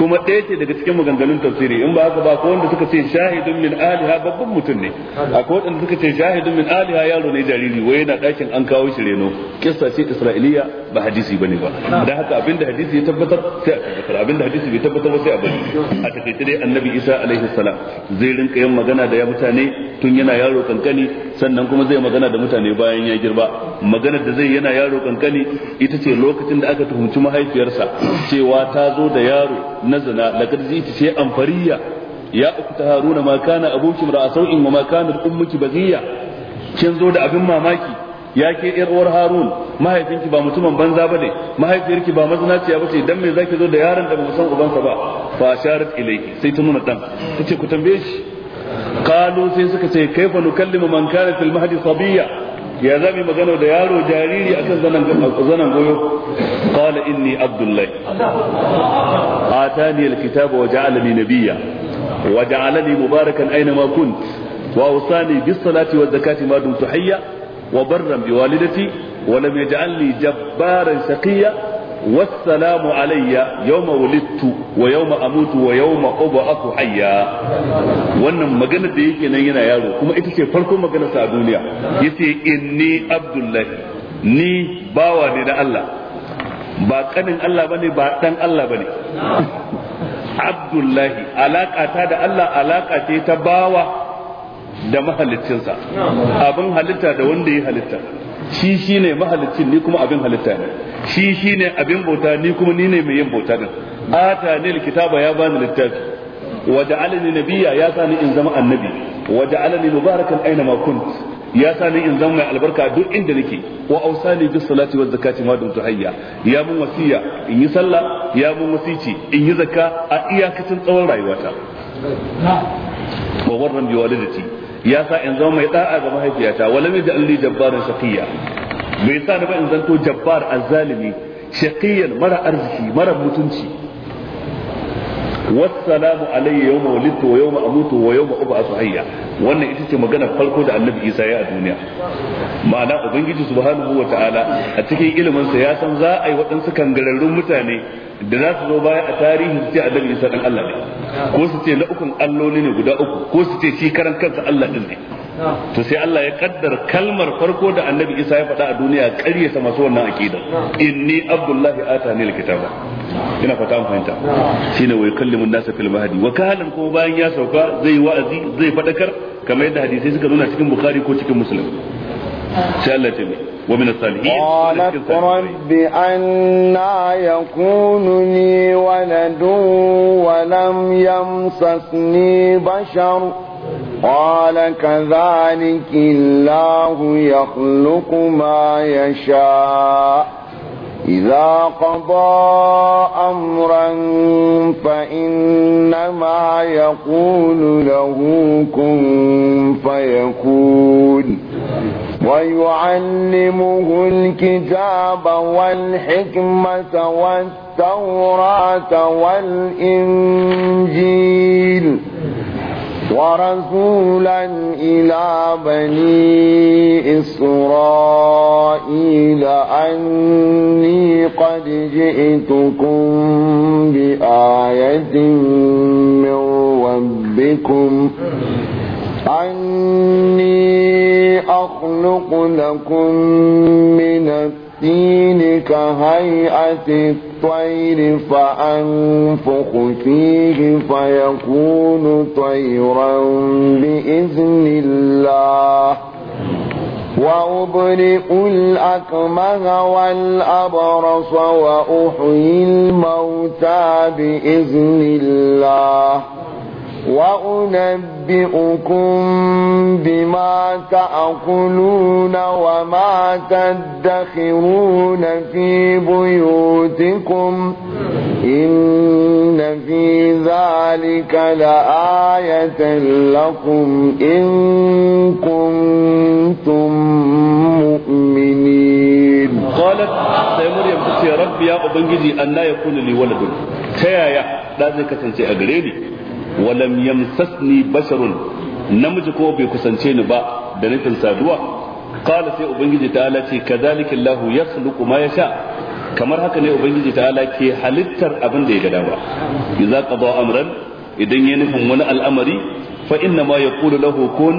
kuma ɗaya ce daga cikin maganganun tafsiri in ba haka ba ko wanda suka ce shahidun min aliha babban mutum ne akwai wanda suka ce shahidun min aliha yaro ne jariri wai yana ɗakin an kawo shi reno kissa ce isra'iliya ba hadisi bane ba dan haka abinda hadisi ya tabbatar sai a tabbatar abinda hadisi bai tabbatar ba sai a bari a takaice dai annabi isa alaihi salam zai rinka yin magana da ya mutane tun yana yaro kankani sannan kuma zai magana da mutane bayan ya girba maganar da zai yana yaro kankani ita ce lokacin da aka tuhumci mahaifiyarsa cewa ta zo da yaro na zina laqad ji'ti shay'an amfariya, ya ta haruna ma kana abuki ra'asau'in wa ma kanat ummuki baghiya kin zo da abin mamaki ya ke yar uwar harun mahaifinki ba mutumin banza bane mahaifiyarki ba mazinaciya ce, dan me zaki zo da yaron da ba san ubansa ba fa sharat ilayki sai ta nuna dan tace ku tambaye shi qalu sai suka ce kaifa nukallimu man kana fil mahdi sabiya ya za mu magana da yaro jariri akan zanan zanan goyo qala inni abdullah atani alkitaba wa ja'alani nabiyya wa ja'alani mubarakan aina ma kunt wa awsani bis salati waz zakati ma dumtu hayya wa barran bi walidati wa lam yaj'alni jabbaran shaqiyya والسلام علي يوم ولدت ويوم اموت ويوم ابعث حيا wannan magana da yake nan yana yaro kuma ita ce farkon magana sa a duniya yace inni abdullahi ni bawa ne da Allah ba kanin Allah bane ba dan Allah bane abdullahi alaka ta da Allah alaka ce ta bawa da mahaliccinsa abin halitta da wanda ya halitta shi ne mahalicci ni kuma abin halitta ne shi shi ne abin bauta ni kuma ni ne mai yin bauta din ne alkitaba ya bani littafi wa ja'alani nabiyya ya sani in zama annabi wa ja'alani mubarakan aina ma kunt ya sani in zama mai albarka duk inda nake wa ausani bis salati waz zakati ma dumtu hayya ya mun wasiya in yi sallah ya mun wasici in yi zakka a iyakacin tsawon rayuwata wa warran bi walidati ya sa in zama mai da'a ga mahaifiyata walam yaj'al alli jabbaran shaqiyya bai sa ni ba in zanto jabbar azzalimi shaqiyan mara arziki mara mutunci والسلام علي يوم ولدت wa اموت ويوم wa yawma wannan ita ce magana farko da annabi Isa ya a duniya ma'ana ubangiji subhanahu wa ta'ala a cikin ilimin sa ya san za a yi waɗansu kangararrun mutane da za su zo baya a tarihi su ce annabi Isa dan Allah ne ko su ce na ukun alloli ne guda uku ko su ce shi karan kansa Allah din ne to sai Allah ya kaddar kalmar farko da annabi Isa ya faɗa a duniya sa masu wannan aqida inni abdullahi atani alkitaba ina fata an fahimta shine wa yukallimun nasa fil mahdi wa kahalan kuma bayan ya sauka zai wa'azi zai fadakar kamar yadda hadisai suka nuna cikin bukhari ko cikin muslim sai Allah ta ومن الصالحين قالت رب أنا يكون لي ولد ولم يمسسني بشر قال كذلك الله يخلق ما يشاء إذا قضى أمرا فإنما يقول له كن فيكون ويعلمه الكتاب والحكمة والتوراة والإنجيل ورسولا إلى بني إسرائيل أني قد جئتكم بآية من ربكم أني أخلق لكم من الطين كهيئة الطير فأنفخ فيه فيكون طيرا بإذن الله وأبرئ الأكمه والأبرص وأحيي الموتى بإذن الله وأنبئكم بما تأكلون وما تدخرون في بيوتكم إن في ذلك لآية لكم إن كنتم مؤمنين قالت سيمريم يا رب يا أبنجدي أن لا يكون لي ولد تيايا لا زي كتنسي أقريني walam yamsasni basharun namiji kuma bai kusance ni ba da nufin saduwa qala sai ubangiji ta'ala ce kadhalika Allahu yakhluqu ya sha kamar haka ne ubangiji ta'ala ke halittar abin da ya ga dama idza qada amran idan ya nufin wani al'amari fa inna ya kula lahu kun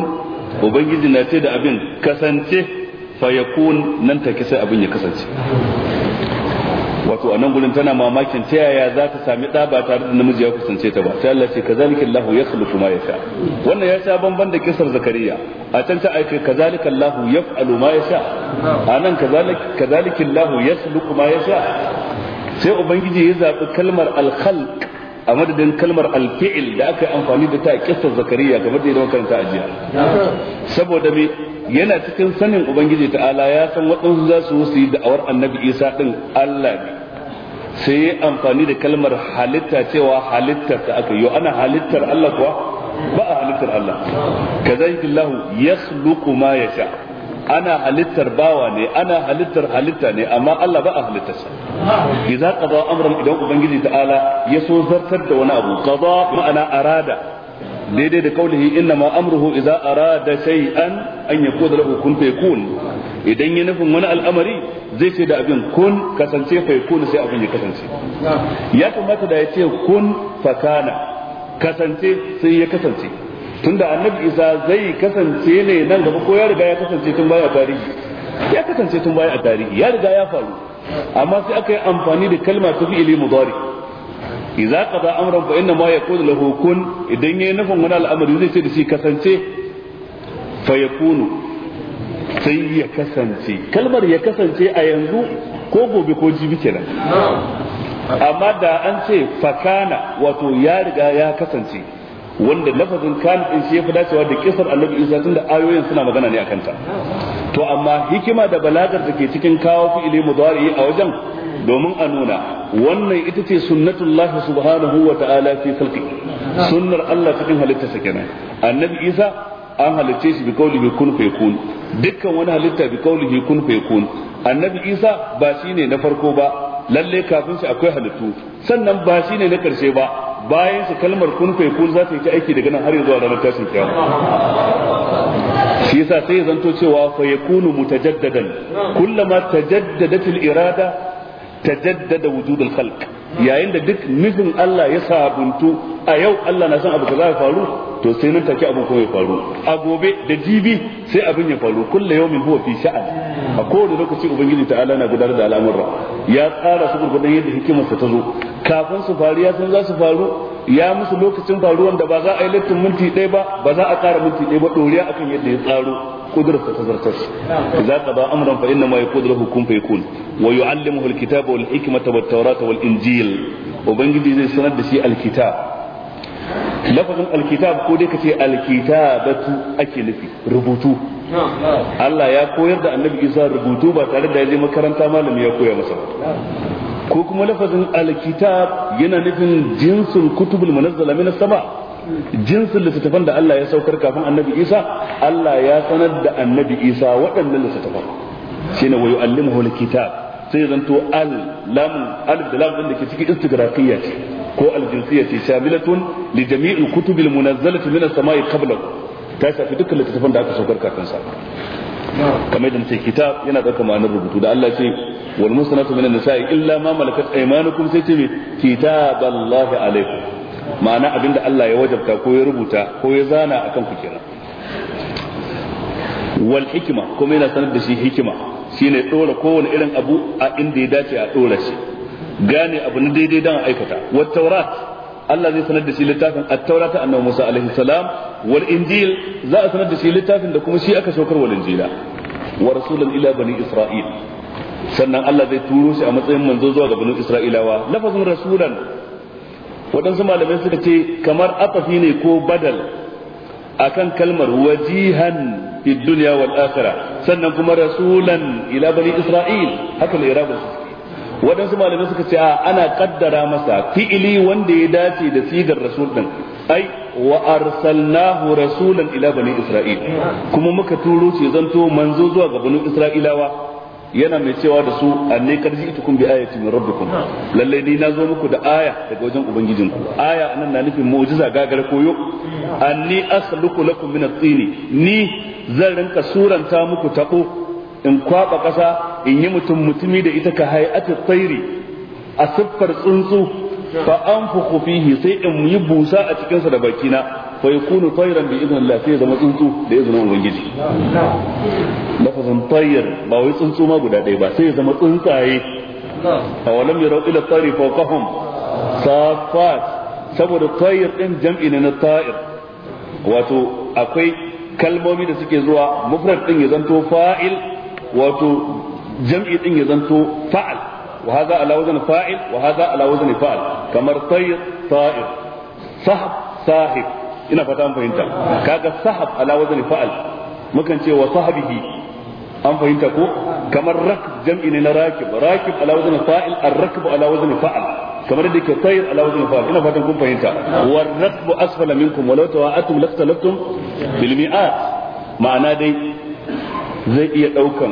ubangiji na ce da abin kasance fa yakun nan take sai abin ya kasance wato a nan gudun tana mamakin ta yaya za ta sami ɗa ba tare da namiji ya kusance ta ba ta Allah ce lahu ya yakhluqu ma yasha wannan ya sha banban da kisar zakariya a can ta aiki aika lahu ya yaf'alu ma yasha a nan kazalika lahu ya yakhluqu ma yasha sai ubangiji ya zaɓi kalmar al a madadin kalmar alfi'il da aka yi amfani da ta a kissar zakariya kamar da idan karanta a jiya saboda me yana cikin sanin ubangiji ta'ala ya san waɗansu za su su yi da'awar annabi isa ɗin allah ne sai ya amfani da kalmar halitta cewa halittar ta aka yi ana halittar allah kuwa ba a halittar allah kazalikallahu yakhluqu ma sha. ana halittar bawa ne ana halittar halitta ne amma Allah ba a halittarsa idza qada amran idan ubangiji ta'ala ya so zartar da wani abu qada ma'ana arada daidai da kaulihi inna ma amruhu idza arada shay'an an yakuna lahu kun fayakun idan ya nufin wani al'amari zai ce da abin kun kasance fayakun sai abin ya kasance ya kamata da ya ce kun fakana kasance sai ya kasance tunda annabi isa zai kasance ne nan gaba ko ya riga ya kasance tun baya tarihi ya kasance tun baya a tarihi ya riga ya faru amma sai aka yi amfani da kalma ta fi'ili mudari idza qada amran fa inna ma yakunu lahu kun idan yayi nufin wani al'amari zai ce da shi kasance fa yakunu sai ya kasance kalmar ya kasance a yanzu ko gobe ko jibi kenan amma da an ce fakana wato ya riga ya kasance wanda lafazin kan din shi yafi dacewa da kisar annabi Isa tunda ayoyin suna magana ne akan ta to amma hikima da balagar da ke cikin kawo ilmi mudari a wajen domin a nuna wannan ita ce sunnatullahi subhanahu wa ta'ala fi khalqi sunnar Allah cikin halittarsa kenan annabi Isa an halicce shi bi kaulihi kun yakun dukkan wani halitta bi kaulihi kun yakun annabi Isa ba shine na farko ba lalle kafin shi akwai halittu sannan ba shine na karshe ba bayan su kalmar kun faikun za ta yi aiki daga nan har zuwa ranar tashin kiyama shi yasa sai ya zanto cewa fa yakunu mutajaddadan kullama tajaddadat al-irada tajaddada wujud al-khalq yayin da duk nufin Allah ya sabuntu a yau Allah na san abu kaza ya faru to sai nan take abin kuma ya faru a gobe da jibi sai abin ya faru kullu yawmin huwa fi sha'an a kowane lokaci ubangiji ta'ala na gudanar da al'amura ya tsara su gurgurdan yadda hikimarsa ta zo kafin su faru ya san za su faru ya musu lokacin faruwan da ba za a yi lattin minti ɗaya ba ba za a ƙara minti ɗaya ba ɗoriya akan yadda ya tsaro kudurarsa ta zartar za ka ba amuran fa inna ma ya kudurar hukun fa yakun wa yu'allimuhu alkitaba wal hikmata wat tawrata wal injil ubangiji zai sanar da shi alkitab lafazin alkitab ko dai kace alkitabatu ake nufi rubutu Allah ya koyar da annabi Isa rubutu ba tare da ya je makaranta malami ya koya masa ko kuma lafazin alkitab yana nufin jinsul kutubul munazzala min sama jinsin littattafan da Allah ya saukar kafin annabi Isa Allah ya sanar da annabi Isa waɗannan littattafan shine wayo allimahu alkitab sai zanto al lam alif da lam din da ke cikin istigraqiyya ce ko aljinsiyya ce shamilatun li jami'il kutubil munazzalati min as-sama'i qabla ta shafi dukkan littattafan da aka saukar kafin sa kamar da ce kitab yana ɗaukar ma'anar rubutu da Allah ce wal musnatu minan nisa'i illa ma malakat aymanukum sai ce kitaballahi alaikum ma'ana abinda Allah ya wajabta ko ya rubuta ko ya zana akan ku kenan wal hikima kuma yana sanar da shi hikima shine dora kowane irin abu a inda ya dace a dora shi gane abu na daidai dan aikata Wataurat, taurat Allah zai sanar da shi littafin at-taura ta annabi Musa alaihi salam wal injil za a sanar da shi littafin da kuma shi aka saukar wal injila wa rasulan ila bani isra'il sannan Allah zai turo shi a matsayin manzo zuwa ga bani isra'ilawa lafazin rasulan waɗansu malamai suka ce kamar afafi ne ko badal akan kalmar wajihan fi dunya wal sannan kuma rasulan ila bani isra'il haka su waɗansu malamai suka ce a ana kaddara masa fi'ili wanda ya dace da sigar rasul din ai wa arsalnahu rasulan ila bani isra'il kuma muka turo ce zanto manzo zuwa ga bani isra'ilawa yana mai cewa da su annai karji itukum bi ayati min rabbikum lalle ni na zo muku da aya daga wajen ubangijinku aya anan na nufin mu'jiza gagar koyo hmm. anni asluku lakum min at-tini ni zan rinka suranta muku tabo in kwaba kasa in yi mutum mutumi da ita ka hayatu tsairi a siffar tsuntsu hmm. fa anfukhu fihi sai in yi busa a cikin sa da bakina fa yakunu tayran bi idhnillah sai zama tsuntsu da izinin ubangiji lafazin tayr ba wai tsuntsu ma guda ɗaya ba sai zama tsuntsaye a walam yarau ila tayri fawqahum safat saboda tayr din jam'i ne na tayr wato akwai kalmomi da suke zuwa mufrad din ya zanto fa'il wato jam'i din ya zanto fa'al wa hadha ala wazn fa'il wa hadha ala wazn fa'al kamar tayr ta'ir sahab sahib ina fata an fahimta kaga sahab ala wazn fa'al mukan ce wa sahabihi an fahimta ko kamar rak jam'i ne na rakib rakib ala wazn fa'il ar-rakb ala wazn fa'al kamar da ke sayar ala wazn fa'al ina fatan kun fahimta war rakb asfala minkum walau tawa'atum laftalaftum bil mi'at ma'ana dai zai iya daukan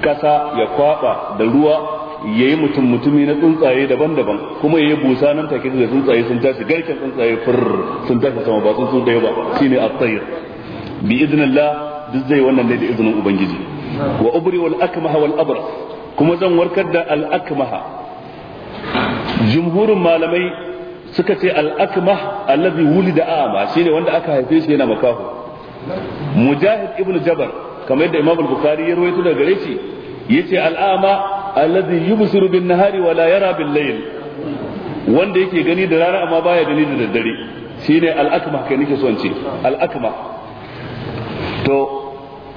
kasa ya kwaba da ruwa yayi mutum mutumi na tsuntsaye daban-daban kuma yayi busa nan take da tsuntsaye sun tashi garken tsuntsaye fur sun tashi sama ba tsuntsu daya ba shine at-tayr bi idnillah duk zai wannan ne da izinin ubangiji wa ubri wal akmaha wal abra kuma zan warkar da al akmaha jumhurin malamai suka ce al akmah alladhi wulida a'ma shine wanda aka haife shi yana makaho mujahid ibnu jabar kamar yadda imam al-bukhari ya rawaito daga gare shi yace al'ama alladhi yubsiru bin nahari wa la yara bil layl wanda yake gani da rana amma baya gani da daddare shine al-akma kai nake so ce al-akma to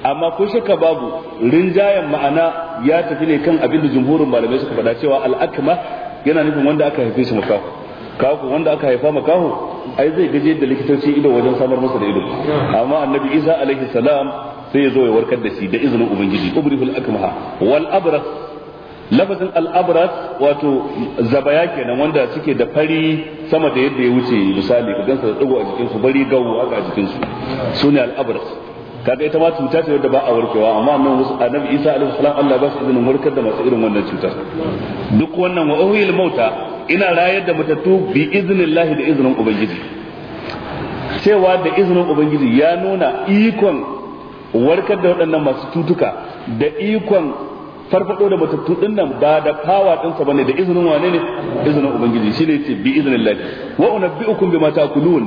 amma ko shakka babu rinjayen ma'ana ya tafi ne kan abin da jumhurin malamai suka faɗa cewa al-akma yana nufin wanda aka haife shi makaho kawo wanda aka haifa makaho ai zai gaje da likitoci ido wajen samar masa da ido amma annabi isa alaihi salam sai ya zo ya warkar da shi da izinin ubangiji ubrihul akmaha wal abras lafazin al'abras wato zabaya kenan wanda suke da fari sama da yadda ya wuce misali ka gansa da digo a jikinsu bari gawo haka a jikinsu su ne al'abras kaga ita ma cuta ce wadda ba a warkewa amma annabi annabi Isa alaihi salam Allah ba su izinin warkar da masu irin wannan cutar duk wannan wa uhil mauta ina rayar da mutatu bi iznillahi da iznin ubangiji cewa da iznin ubangiji ya nuna ikon warkar da waɗannan masu tutuka da ikon farfado da matattu din nan ba da fawa sa bane da izinin wane ne izinin ubangiji shine yace bi iznillah wa unabbiukum bima taakulun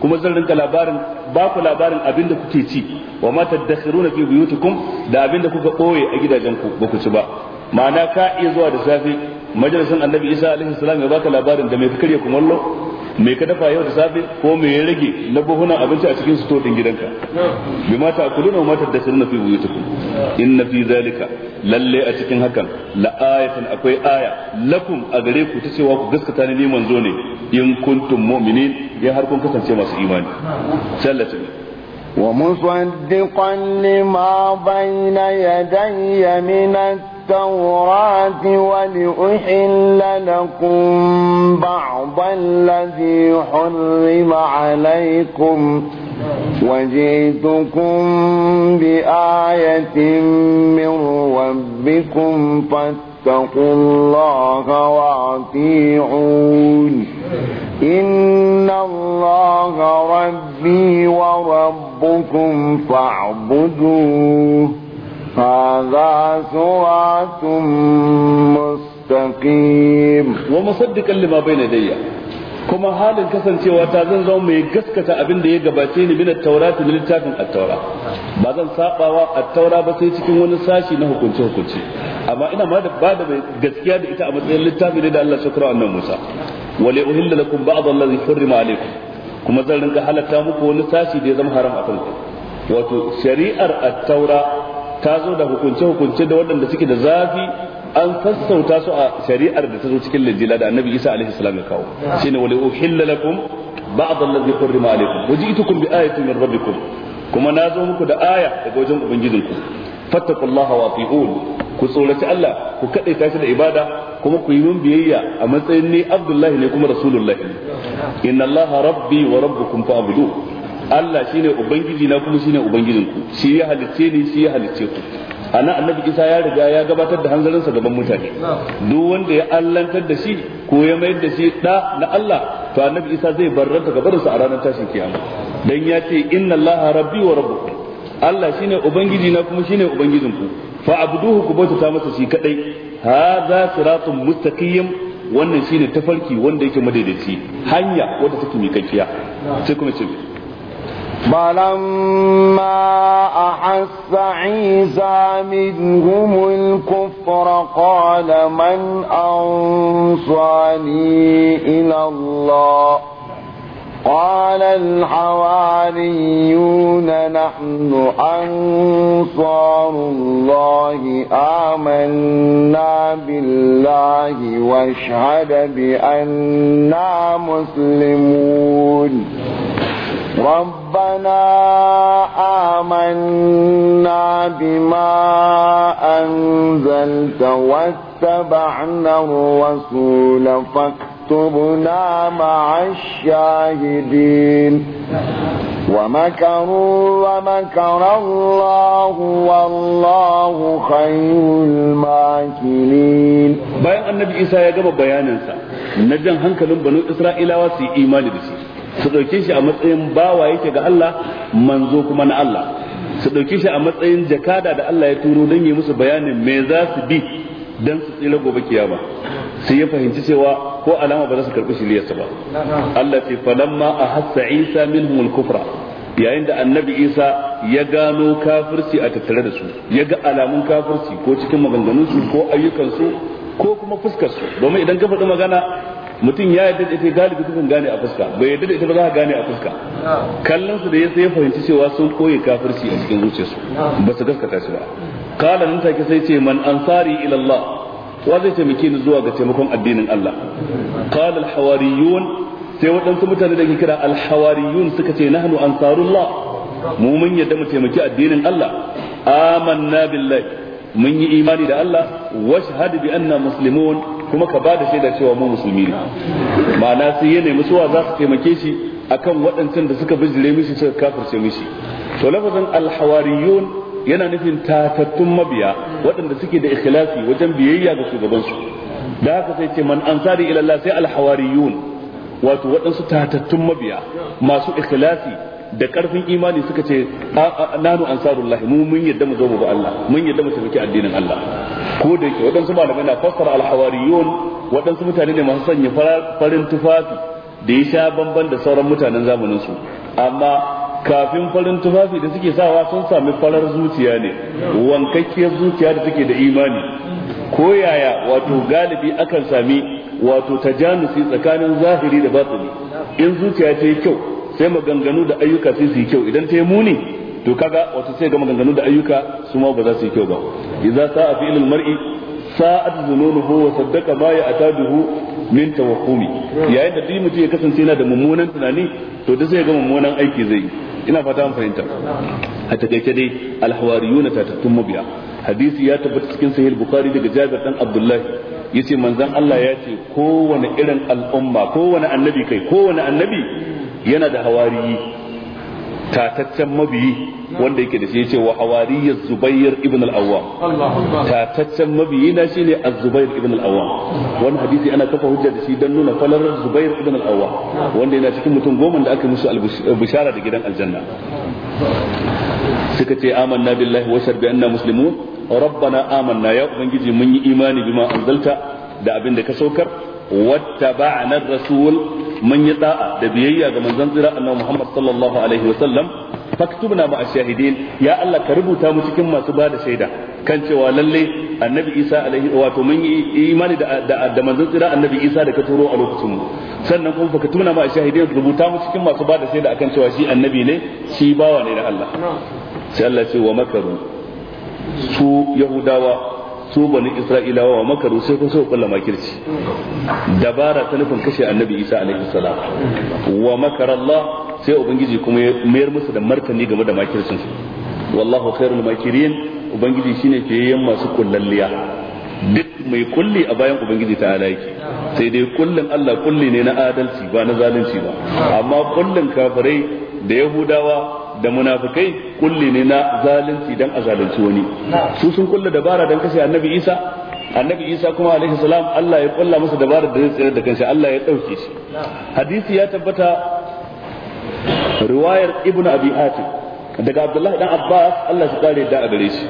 kuma zan rinka labarin ba ku labarin abin kuke ci wa ma tadakhiruna fi buyutikum da abin da kuka boye a ku ba ku ci ba ma'ana ka iya zuwa da safe majalisin annabi isa alaihi salam ya baka labarin da mai fikir ya kumallo Mai ka dafa yau da safe ko mai ya rage na buhuna abinci a cikin sito din gidanka bi mata da ma na fi buyutikum inna fi zalika lalle a cikin hakan la akwai aya lakum a gare ku ta cewa ku gaskata ni manzo ne in kuntum mu'minin ya har kun kasance masu imani sallatin wa لما بين يدي التوراة ولأحل لكم بعض الذي حرم عليكم وجئتكم بآية من ربكم فاتقوا الله واطيعون إن الله ربي وربكم فاعبدوه هذا صراط مستقيم ومصدقا لما بين يدي kuma halin kasancewa ta zan zama mai gaskata abin da ya gabace ni min at-taurati min littafin at-taura ba zan sabawa at-taura ba sai cikin wani sashi na hukunce hukunce amma ina ma da ba da gaskiya da ita a matsayin littafi ne da Allah shukran annabi Musa wala uhilla lakum ba'd allazi hurrima alaykum kuma zan rinka halatta muku wani da ya zama haram a wato shari'ar at-taura ta zo da hukunce-hukunce da waɗanda suke da zafi an sassauta su a shari'ar da ta zo cikin lijila da annabi isa alaihi salam ya kawo shine wali uhilla lakum ba'd allazi hurrima alaikum wajitukum bi ayatin min rabbikum kuma na zo muku da aya daga wajen ku fattaqullaha wa atiun ku tsoraci Allah ku ta shi da ibada kuma ku yi min biyayya a matsayin ni abdullahi ne kuma rasulullahi inna allaha rabbi wa rabbukum fa'budu Allah shine ubangiji na kuma shine ubangijin ku shi ya halicce ni shi ya halicce ku ana annabi Isa ya riga ya gabatar da hanzarinsa gaban mutane duk wanda ya allantar da shi ko ya mayar da shi da na Allah to annabi Isa zai barranta gabarinsa a ranar tashin kiyama dan ya ce inna Allah rabbi wa rabbukum Allah shine ubangiji na kuma shine ubangijin ku fa abduhu ku bauta masa shi kadai hadha siratun mustaqim wannan shine tafarki wanda yake madaidaici hanya wadda take mikakkiya sai kuma ce فلما أحس عيسى منهم الكفر قال من أنصاني إلى الله قال الحواريون نحن أنصار الله آمنا بالله واشهد بأننا مسلمون ربنا ضللت واتبعنا الرسول فاكتبنا مع الشاهدين ومكروا ومكر الله والله خير الماكرين بيان النبي إيسا يقبل بيانا نجان هنكلم بنو إسرائيل وسي إيمان بسي su ɗauke shi a matsayin bawa yake ga Allah manzo kuma na Allah su ɗauki shi a matsayin jakada da Allah ya turo don yi musu bayanin me za su bi don su tsira gobe kiyama su ya fahimci cewa ko alama ba za su karɓi shiriyarsa ba Allah ce falamma a hassa isa minhumul kufra yayin da annabi isa ya gano kafirci a tattare da su ya ga alamun kafirci ko cikin maganganunsu ko ayyukansu ko kuma fuskarsu domin idan ka faɗi magana mutum ya yarda da ita galibi sukan gane a fuska bai yadda da ita ba za ka gane a fuska kallon su da ya sai fahimci cewa sun koyi kafirci a cikin zuciyarsu ba su gaskata shi ba kala nan take sai ce man ansari ila Allah wa zai taimake ni zuwa ga taimakon addinin Allah qala al sai waɗansu mutane da ke kira alhawariyun suka ce nahnu ansarullah mu mun yarda mu taimaki addinin Allah amanna billahi mun yi imani da Allah washhad bi anna muslimun kuma ka bada shaida cewa mu musulmi ne ma'ana sai ya nemi suwa za su taimake shi akan waɗancan da suka bijire mishi suka kafirce mishi to lafazin alhawariyun yana nufin tatattun mabiya waɗanda suke da ikhlasi wajen biyayya ga shugabansu da haka sai ce man ansari ila Allah sai alhawariyun wato waɗansu tatattun mabiya masu ikhlasi da karfin imani suka ce nanu ansarullah mu mun yadda mu zo mu ga Allah mun yadda mu tafi addinin Allah ko da yake waɗansu malamai na fassara al-hawariyun waɗansu mutane ne masu sanya farin tufafi da ya sha bamban da sauran mutanen zamanin su amma kafin farin tufafi da suke sawa sun sami farar zuciya ne wankakkiyar zuciya da take da imani ko yaya wato galibi akan sami wato tajanusi tsakanin zahiri da batini in zuciya ta yi kyau sai maganganu da ayyuka sai su yi kyau idan ta yi muni to kaga wato sai ga maganganu da ayyuka su ma ba za su yi kyau ba idza sa'a ilal mar'i sa'at zununuhu wa saddaqa ma ya'taduhu min tawahhumi yayin da duk mutum ya kasance yana da mummunan tunani to duk sai ga mummunan aiki zai yi ina fata an fahimta a takaice dai alhawariyuna tatattun mabiya hadisi ya tabbata cikin sahih bukhari daga jabir dan abdullahi yace manzon Allah ya ce kowane irin al'umma kowane annabi kai kowane annabi yana da hawariyi tataccen mabiyi wanda yake da shi yace wa hawariya zubair ibn al-awwam tataccen mabiyi na shine az-zubair ibn al-awwam wannan hadisi ana kafa hujja da shi dan nuna falalar zubair ibn al-awwam wanda yana cikin mutum goma da aka musu bishara da gidan aljanna suka ce amanna billahi wa shar bi anna muslimun rabbana amanna ya ubangiji mun yi imani bima anzalta da abin da ka saukar wattaba'na ar-rasul mun yi da biyayya ga manzon tsira annabi Muhammad sallallahu alaihi wasallam faktubna ma ashahidin ya Allah ka rubuta mu cikin masu ba da shaida kan cewa lalle annabi Isa alaihi wato mun yi imani da da manzon tsira annabi Isa da ka turo a lokacin mu sannan kuma faktubna ma ashahidin rubuta mu cikin masu ba da shaida akan cewa shi annabi ne shi bawa ne da Allah sai Allah ce wa makaru su yahudawa su bani isra'ilawa wa makaru sai kun suka kulla makirci dabara ta nufin kashe annabi isa alaihi salam wa makar allah sai ubangiji kuma ya mayar musu da martani game da makircin su wallahu khairul makirin ubangiji shine fiyayyen masu kullalliya duk mai kulli a bayan ubangiji ta alaiki sai dai kullin allah kulli ne na adalci ba na zalunci ba amma kullin kafirai da yahudawa da munafikai kulli ne na zalunci dan a zalunci wani su sun kulla dabara dan kashe annabi Isa annabi Isa kuma alaihi salam Allah ya kulla masa dabara da zai tsira da kansa Allah ya dauke shi hadisi ya tabbata riwayar ibnu abi hatim daga abdullahi dan abbas Allah ya kare da a gare shi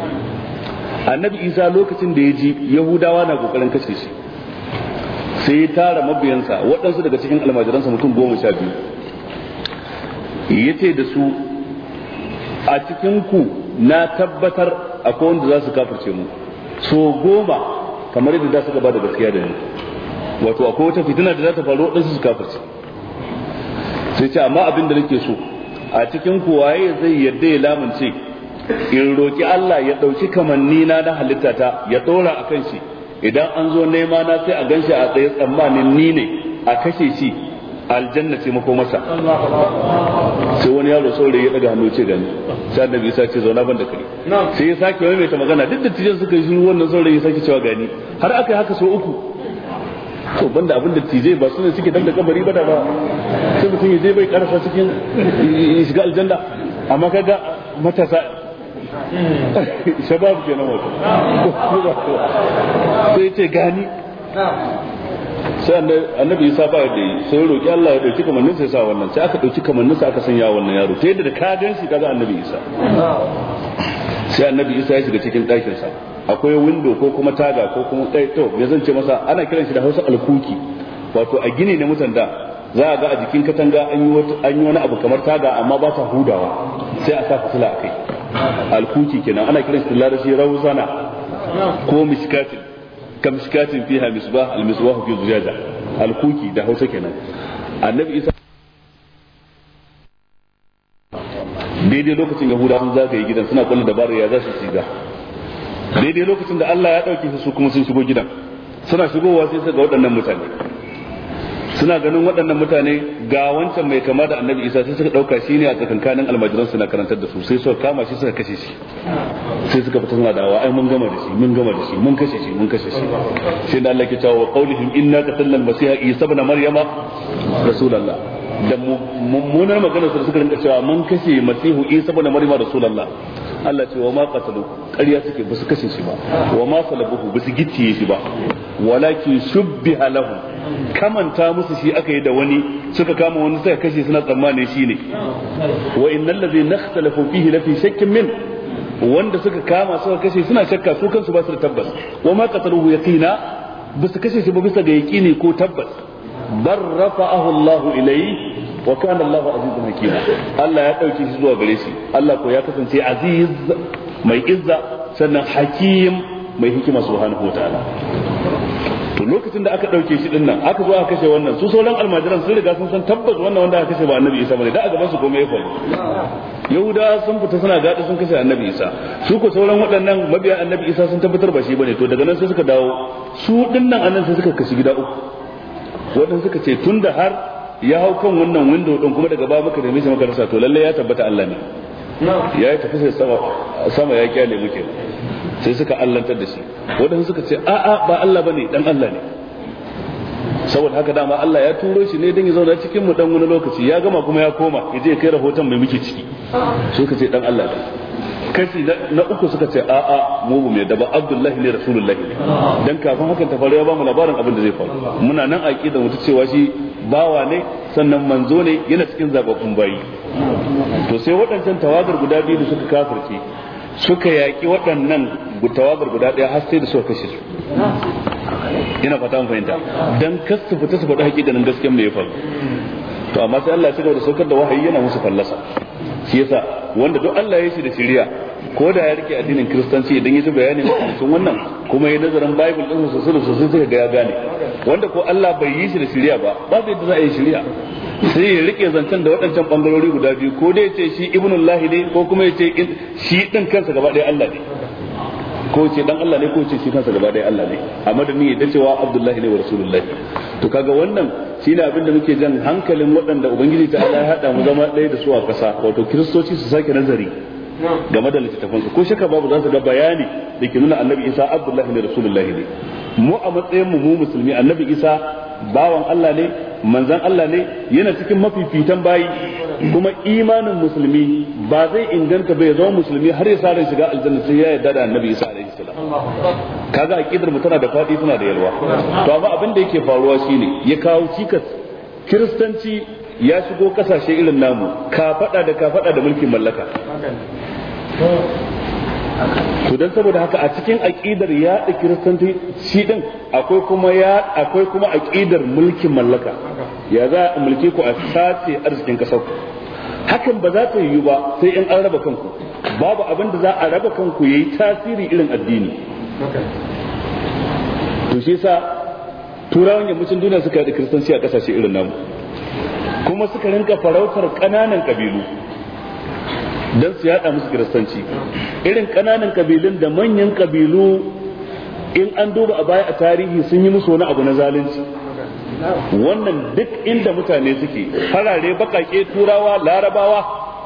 annabi Isa lokacin da ya ji yahudawa na kokarin kashe shi sai ya tara mabiyansa waɗansu daga cikin almajiransa mutum goma sha biyu ya ce da su a cikin ku na tabbatar akwai wanda za su kafirce mu so goma kamar yadda za su gaba da gaskiya da ni wato akwai wata fitina da za ta faru wadansu su kafirce sai ce amma abin da nake so a cikin waye zai yadda ya lamunce in roki Allah ya ɗauki kamanni na na halitta ta ya dora akan shi idan an zo nema na sai a ganshi a tsaye tsammanin ni ne a kashe shi aljanna ce mako masa sai wani yaro saurayi ya daga hannu ce gani sai annabi isa ce zauna ban da kai sai ya sake wani mai ta magana duk da tijan suka yi shiru wannan saurayi ya sake cewa gani har aka yi haka so uku to banda abin da tije ba su ne suke dan da kabari ba da ba sai mutum ya je bai karasa cikin shiga aljanna amma kaga matasa shabab kenan wato sai ce gani sai annabi isa ba da yi sai roƙi Allah ya dauki kamannin sai sa wannan sai aka dauki kamannin sa aka sanya wannan yaro ta yadda da ka gan shi kaga annabi isa sai annabi isa ya shiga cikin ɗakin sa akwai window ko kuma taga ko kuma ɗai to me zan ce masa ana kiran shi da Hausa alkuki wato a gini na mutan da za a ga a jikin katanga an yi wani abu kamar taga amma ba ta hudawa sai a sa fitila a kai alkuki kenan ana kiran shi da larashi rauzana ko miskatin kamshikatin fiha misbah almisbah fi zujaja alkuki da hausa kenan annabi isa daidai lokacin yahuda sun zagaye gidan suna kwallo dabarar ya za su shiga daidai lokacin da Allah ya dauke su kuma sun shigo gidan suna shigowa sai ga waɗannan mutane suna ganin waɗannan mutane ga wancan mai kama da annabi isa sai suka ɗauka shi ne a tsakankanin almajiran suna karantar da su sai suka kama shi suka kashe shi sai suka fita suna dawa ai mun gama da shi mun gama da shi mun kashe shi mun kashe shi sai da Allah ke cewa qaulihim inna qatalna al-masiha isa ibn maryama rasulullah da mummunar maganar su suka rinka cewa mun kashe masihu isa ibn maryama rasulullah Allah ce wa ma qatalu ƙarya suke ba su kashe shi ba wa ma salabuhu ba su gicciye shi ba walakin shubbiha lahu kamanta musu shi aka yi da wani suka kama wani suka kashe suna tsammani shi ne wa innal ladhi nakhtalafu fihi lafi shakkin min wanda suka kama suka kashe suna shakka su kansu ba su da tabbas wa ma qataluhu yaqina ba su kashe shi ba bisa ga yaqini ko tabbas bar rafa'ahu Allahu ilayhi wa kana Allahu azizun hakima Allah ya dauke shi zuwa gare shi Allah ko ya kasance aziz mai izza sannan hakim mai hikima subhanahu wataala to lokacin da aka dauke shi dinnan aka zo aka kashe wannan su sauran almajiran sun riga sun san tabbas wannan wanda aka kashe ba annabi Isa bane da a gaban su komai ya faru yahuda sun fita suna gadi sun kashe annabi Isa su ko sauran waɗannan mabiya annabi Isa sun tabbatar ba shi bane to daga nan sai suka dawo su dinnan annan sai suka kashi gida uku wadanda suka ce tunda har ya hau kan wannan window din kuma daga ba muka da shi muka rasa to lalle ya tabbata Allah ne ya yi tafi sama sama ya kyale muke sai suka allantar da shi wadanda suka ce a a ba Allah bane dan Allah ne saboda haka dama Allah ya turo shi ne dan ya zauna cikin mu dan wani lokaci ya gama kuma ya koma ya je kai rahoton mai muke ciki suka ce dan Allah ne kashi na uku suka ce a'a mu mu da ba abdullahi ne rasulullahi ne dan kafin hakan ta faru ya ba mu labarin abin da zai faru muna nan aqida mu ta cewa shi bawa ne sannan manzo ne yana cikin zababbun bayi to sai waɗancan tawagar guda biyu da suka kafirce suka yaƙi waɗannan tawagar guda ɗaya har sai da suka kashe su ina fata mun fahimta dan kas su fita su faɗi nan gaskiyar mu ya faru to amma sai Allah ya cigaba da saukar da wahayi yana musu fallasa shi yasa wanda duk Allah ya shi da shiriya ko da ya rike addinin kiristanci idan yi ji bayani sun wannan kuma ya nazarin bible din su sulu sosai suka ga ya gane wanda ko Allah bai yi shi da shirya ba ba zai da za a yi shirya sai ya rike zancen da waɗancan bangarori guda biyu ko dai ce shi ibnullah ne ko kuma ya ce shi din kansa gaba ɗaya Allah ne ko ce dan Allah ne ko ce shi kansa gaba ɗaya Allah ne amma da ya dace wa Abdullahi ne wa Rasulullahi to kaga wannan shine abin da muke jan hankalin waɗanda ubangiji ta Allah ya hada mu zama ɗaya da su a ƙasa wato kiristoci su sake nazari game da su ko shakka babu za su ga bayani da ke nuna annabi isa abdullahi ne rasulullahi ne mu a matsayin mu mu musulmi annabi isa bawan allah ne manzan allah ne yana cikin mafifitan bayi kuma imanin musulmi ba zai inganta bai zama musulmi har ya sarin shiga aljanna sai ya yarda da annabi isa alaihi salam kaga aqidar mu tana da fadi tana da yalwa to amma abin da yake faruwa shine ya kawo cikas kiristanci ya shigo kasashe irin namu ka fada da ka fada da mulkin mallaka to dan saboda haka a cikin aqidar ya da kiristanci shi din akwai kuma ya akwai kuma aqidar mulkin mallaka ya za a mulki ku a sace arzikin kasar ku hakan ba za ta yiwu ba sai in an raba kanku babu abin da za a raba kanku yayi tasiri irin addini to shi sa turawan yammacin duniya suka da kristanci a kasashe irin namu kuma suka rinka farautar ƙananan kabilu don su yada musu kiristanci irin kananan kabilun da manyan kabilu in an duba a baya a tarihi sun yi musu wani abu na zalunci wannan duk inda mutane suke farare bakake turawa larabawa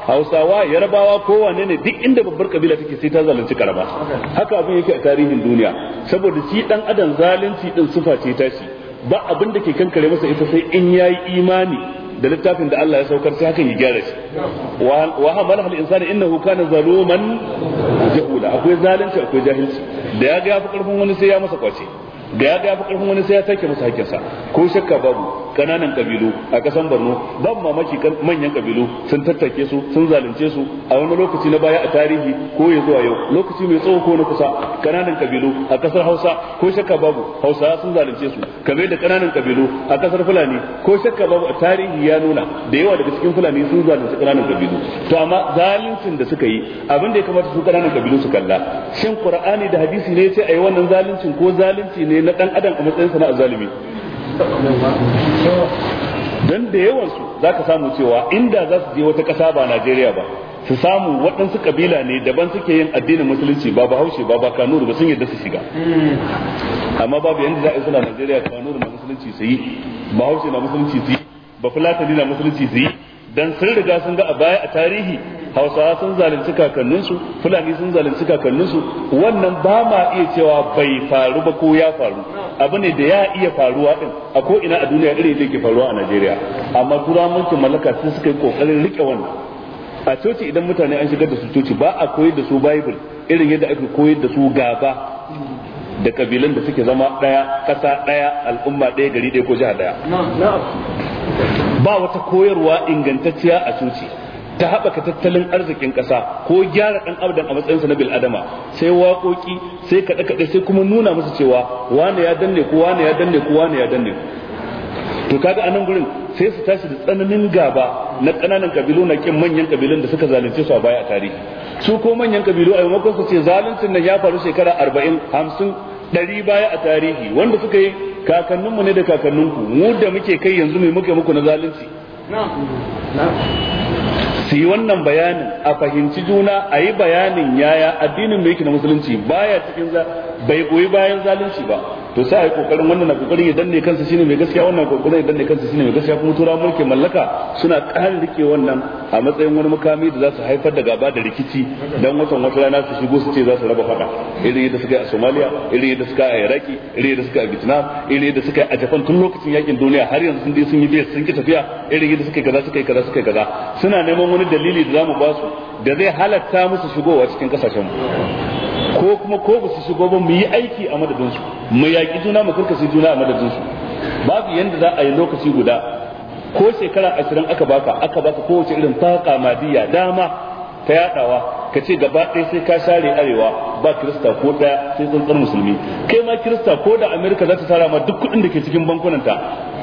hausawa yarabawa kowane ne duk inda babbar kabila take sai ta zalunci karama haka abin yake a tarihin duniya saboda shi dan adam zalunci din sufa ce tashi ba abin da ke kankare masa ita sai in yayi imani da littafin da Allah ya saukar sai hakan ya gyara shi wa hamala al insani innahu kana zaluman jahula akwai zalunci akwai jahilci da ya ga karfin wani sai ya masa kwace da ya ga yafi karfin wani sai ya take masa hakkinsa ko shakka babu kananan kabilu a kasan Borno ban mamaki manyan kabilu sun tattake su sun zalunce su a wani lokaci na baya a tarihi ko ya zuwa yau lokaci mai tsawo ko na kusa kananan kabilu a kasar Hausa ko shakka babu Hausa sun zalunce su kamar da kananan kabilu a kasar Fulani ko shakka babu a tarihi ya nuna da yawa daga cikin Fulani sun zalunce kananan kabilu to amma zaluncin da suka yi abin da ya kamata su kananan kabilu su kalla shin Qur'ani da hadisi ne ya ce ai wannan zaluncin ko zalunci ne na dan adam a matsayin sa na zalimi don da yawansu za ka samu cewa inda za su je wata ƙasa ba najeriya ba su samu waɗansu ƙabila ne daban suke yin addinin musulunci ba ba haushe ba ba kanuru ba sun yadda su shiga amma babu yadda za a yi suna najeriya kanuru na musulunci su yi ba haushe na musulunci su yi ba fulatani na musulunci su yi dan sun riga sun ga a baya a tarihi hausawa sun zalunci kakanninsu fulani sun zalunci kakanninsu wannan ba ma iya cewa bai faru ba ko ya faru abu ne da ya iya faruwa din a ko ina a duniya irin yake faruwa a najeriya amma kura mulkin mallaka sun suka yi kokarin rike wannan a coci idan mutane an shigar da su coci ba a koyar da su bible irin yadda aka koyar da su gaba da kabilan da suke zama daya kasa daya al'umma daya gari daya ko jiha daya ba wata koyarwa ingantacciya a cuci ta haɓaka tattalin arzikin ƙasa ko gyara ɗan abadan a matsayinsa na bil'adama sai waƙoƙi sai kaɗe-kaɗe sai kuma nuna musu cewa wane ya danne ku wane ya danne ku wane ya danne ku to kaga anan gurin sai su tashi da tsananin gaba na ƙananan kabilu na kin manyan kabilun da suka zalunce su a baya a tarihi su ko manyan kabilu a maimakon su ce zaluncin nan ya faru shekara arba'in hamsin ɗari baya a tarihi wanda suka yi kakanninmu ne da kakanninku mu da muke kai yanzu mai muke muku na zalunci su yi wannan bayanin a fahimci juna a yi bayanin yaya addinin mai yake na musulunci baya cikin bai goyi bayan zalunci ba to sai a yi kokarin wannan na kokarin ya danne kansa shine mai gaskiya wannan kokarin ya danne kansa shine mai gaskiya kuma turawa mulkin mallaka suna ƙarin rike wannan a matsayin wani mukami da za su haifar da gaba da rikici dan watan wata rana su shigo su ce za su raba faɗa irin yadda suka yi a Somalia irin yadda suka yi a Iraki irin yadda suka yi a Vietnam irin yadda suka yi a Japan tun lokacin yakin duniya har yanzu sun dai sun yi biyar sun ki tafiya irin yadda suka yi kaza suka yi kaza suka yi kaza suna neman wani dalili da za mu ba su da zai halatta musu shigowa cikin kasashen mu ko kuma ko ba su shigo ba mu yi aiki a madadinsu mu yaƙi juna mu karkashe juna a madadinsu babu yadda za a yi lokaci guda ko shekara ashirin aka baka aka baka kowace irin taƙa madiya dama ta yadawa ka ce gaba ɗaya sai ka share arewa ba kirista ko ɗaya sai tsantsar musulmi kai ma kirista ko da amerika za ta tara ma duk kuɗin da ke cikin ta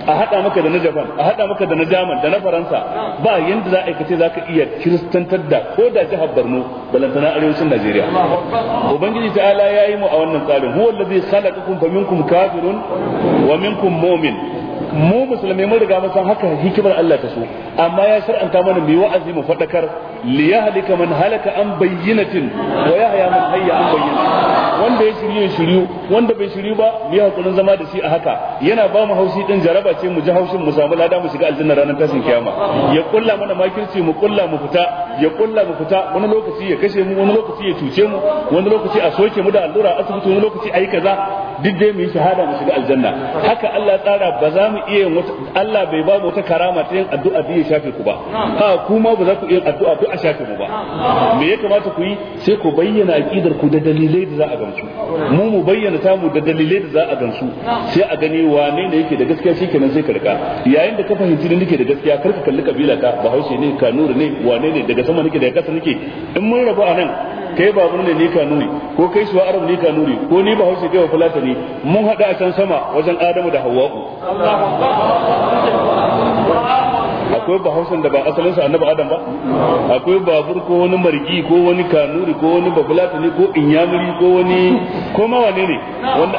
a haɗa maka da na japan a haɗa maka da na jaman da na faransa ba yanda za a aikace za ka iya kiristantar da ko da jihar borno balantana arewacin najeriya ubangiji ta'ala ya yi mu a wannan tsarin huwa allazi khalaqakum fa minkum kafirun wa minkum mu'min mu musulmai mun riga mun san haka hikimar Allah ta so amma ya shar'anta mana mai wa'azi mu fadakar li yahlika man halaka an bayyinatin wa yahya man hayya an bayyinatin wanda ya ya shiryu wanda bai shiryu ba mu yi hakurin zama da shi a haka yana ba mu haushi din jaraba ce mu ji haushin mu samu lada mu shiga aljanna ranar tashin kiyama ya kulla mana makirci mu kulla mu fita ya kulla mu fita wani lokaci ya kashe mu wani lokaci ya cuce mu wani lokaci a soke mu da allura asibiti wani lokaci ayi kaza duk dai mu yi shahada mu shiga aljanna haka Allah tsara ba za mu mu iya Allah bai ba mu ta karama ta yin addu'a da ya shafe ku ba ha kuma ba za ku yin addu'a duk a shafe mu ba me ya kamata ku yi sai ku bayyana aqidar ku da dalilai da za a gamsu mu mu bayyana ta mu da dalilai da za a gamsu sai a gani wane ne yake da gaskiya shikenan sai ka rika yayin da ka fahimci ne nake da gaskiya kar kalli kabila ta bahaushe ne kanuri ne wane ne daga sama nake daga kasa nake in mun rabu a nan kai babur ne ni kanuri ko kai suwa arab ni kanuri ko ni ba hausa kai wa fulata ne mun hada a can sama wajen adamu da hawa'u akwai bahausan da ba sa annabi adam ba akwai babur ko wani margi ko wani kanuri ko wani babulata ne ko inyamuri ko wani ko mawane ne wanda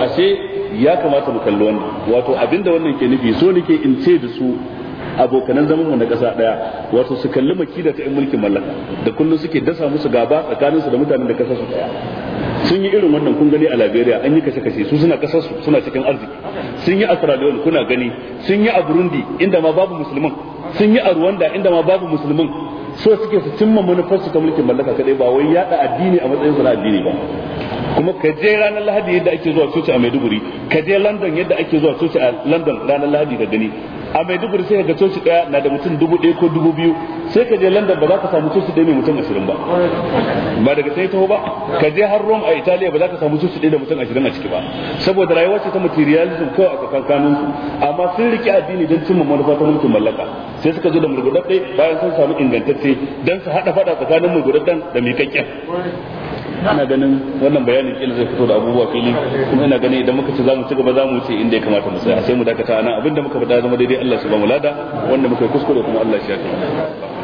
ashe ya kamata mu kalli wannan wato abinda wannan ke nufi so nake in ce da su abokanan zaman mu na ƙasa ɗaya wato su kalli makida ta 'yan mulkin mallaka da kullum suke dasa musu gaba tsakanin su da mutanen da ƙasa su ɗaya sun yi irin wannan kun gani a Liberia an yi kashe kashe su suna ƙasar su suna cikin arziki sun yi a Sierra Leone kuna gani sun yi a Burundi inda ma babu musulmin. sun yi a Rwanda inda ma babu musulmin. so suke su cimma su ta mulkin mallaka kadai ba wai yada addini a matsayin su na addini ba kuma ka je ranar lahadi yadda ake zuwa coci a maiduguri ka je london yadda ake zuwa coci a london ranar lahadi ka gani a maiduguri sai ga coci daya na da mutum dubu ɗaya ko dubu biyu sai ka je london ba za ka samu coci ɗaya mai mutum ashirin ba ba daga sai taho ba ka je har rome a italiya ba za ka samu coci ɗaya da mutum ashirin a ciki ba saboda rayuwa ce ta materialism kawai a tsakankanin su amma sun riƙe addini don cimma manufa ta mulkin mallaka sai suka zo da murguɗaɗɗe bayan sun samu ingantacce don su haɗa faɗa tsakanin murguɗaɗɗen da mai kakken ana ganin wannan bayanin kila zai fito da abubuwa fili kuma ina ganin idan muka ci zamu ci gaba mu ce inda ya kamata mu tsaya sai mu dakata nan abinda muka faɗa zama daidai Allah subhanahu wa mu lada wanda muka yi kuskure kuma Allah shi ya kama.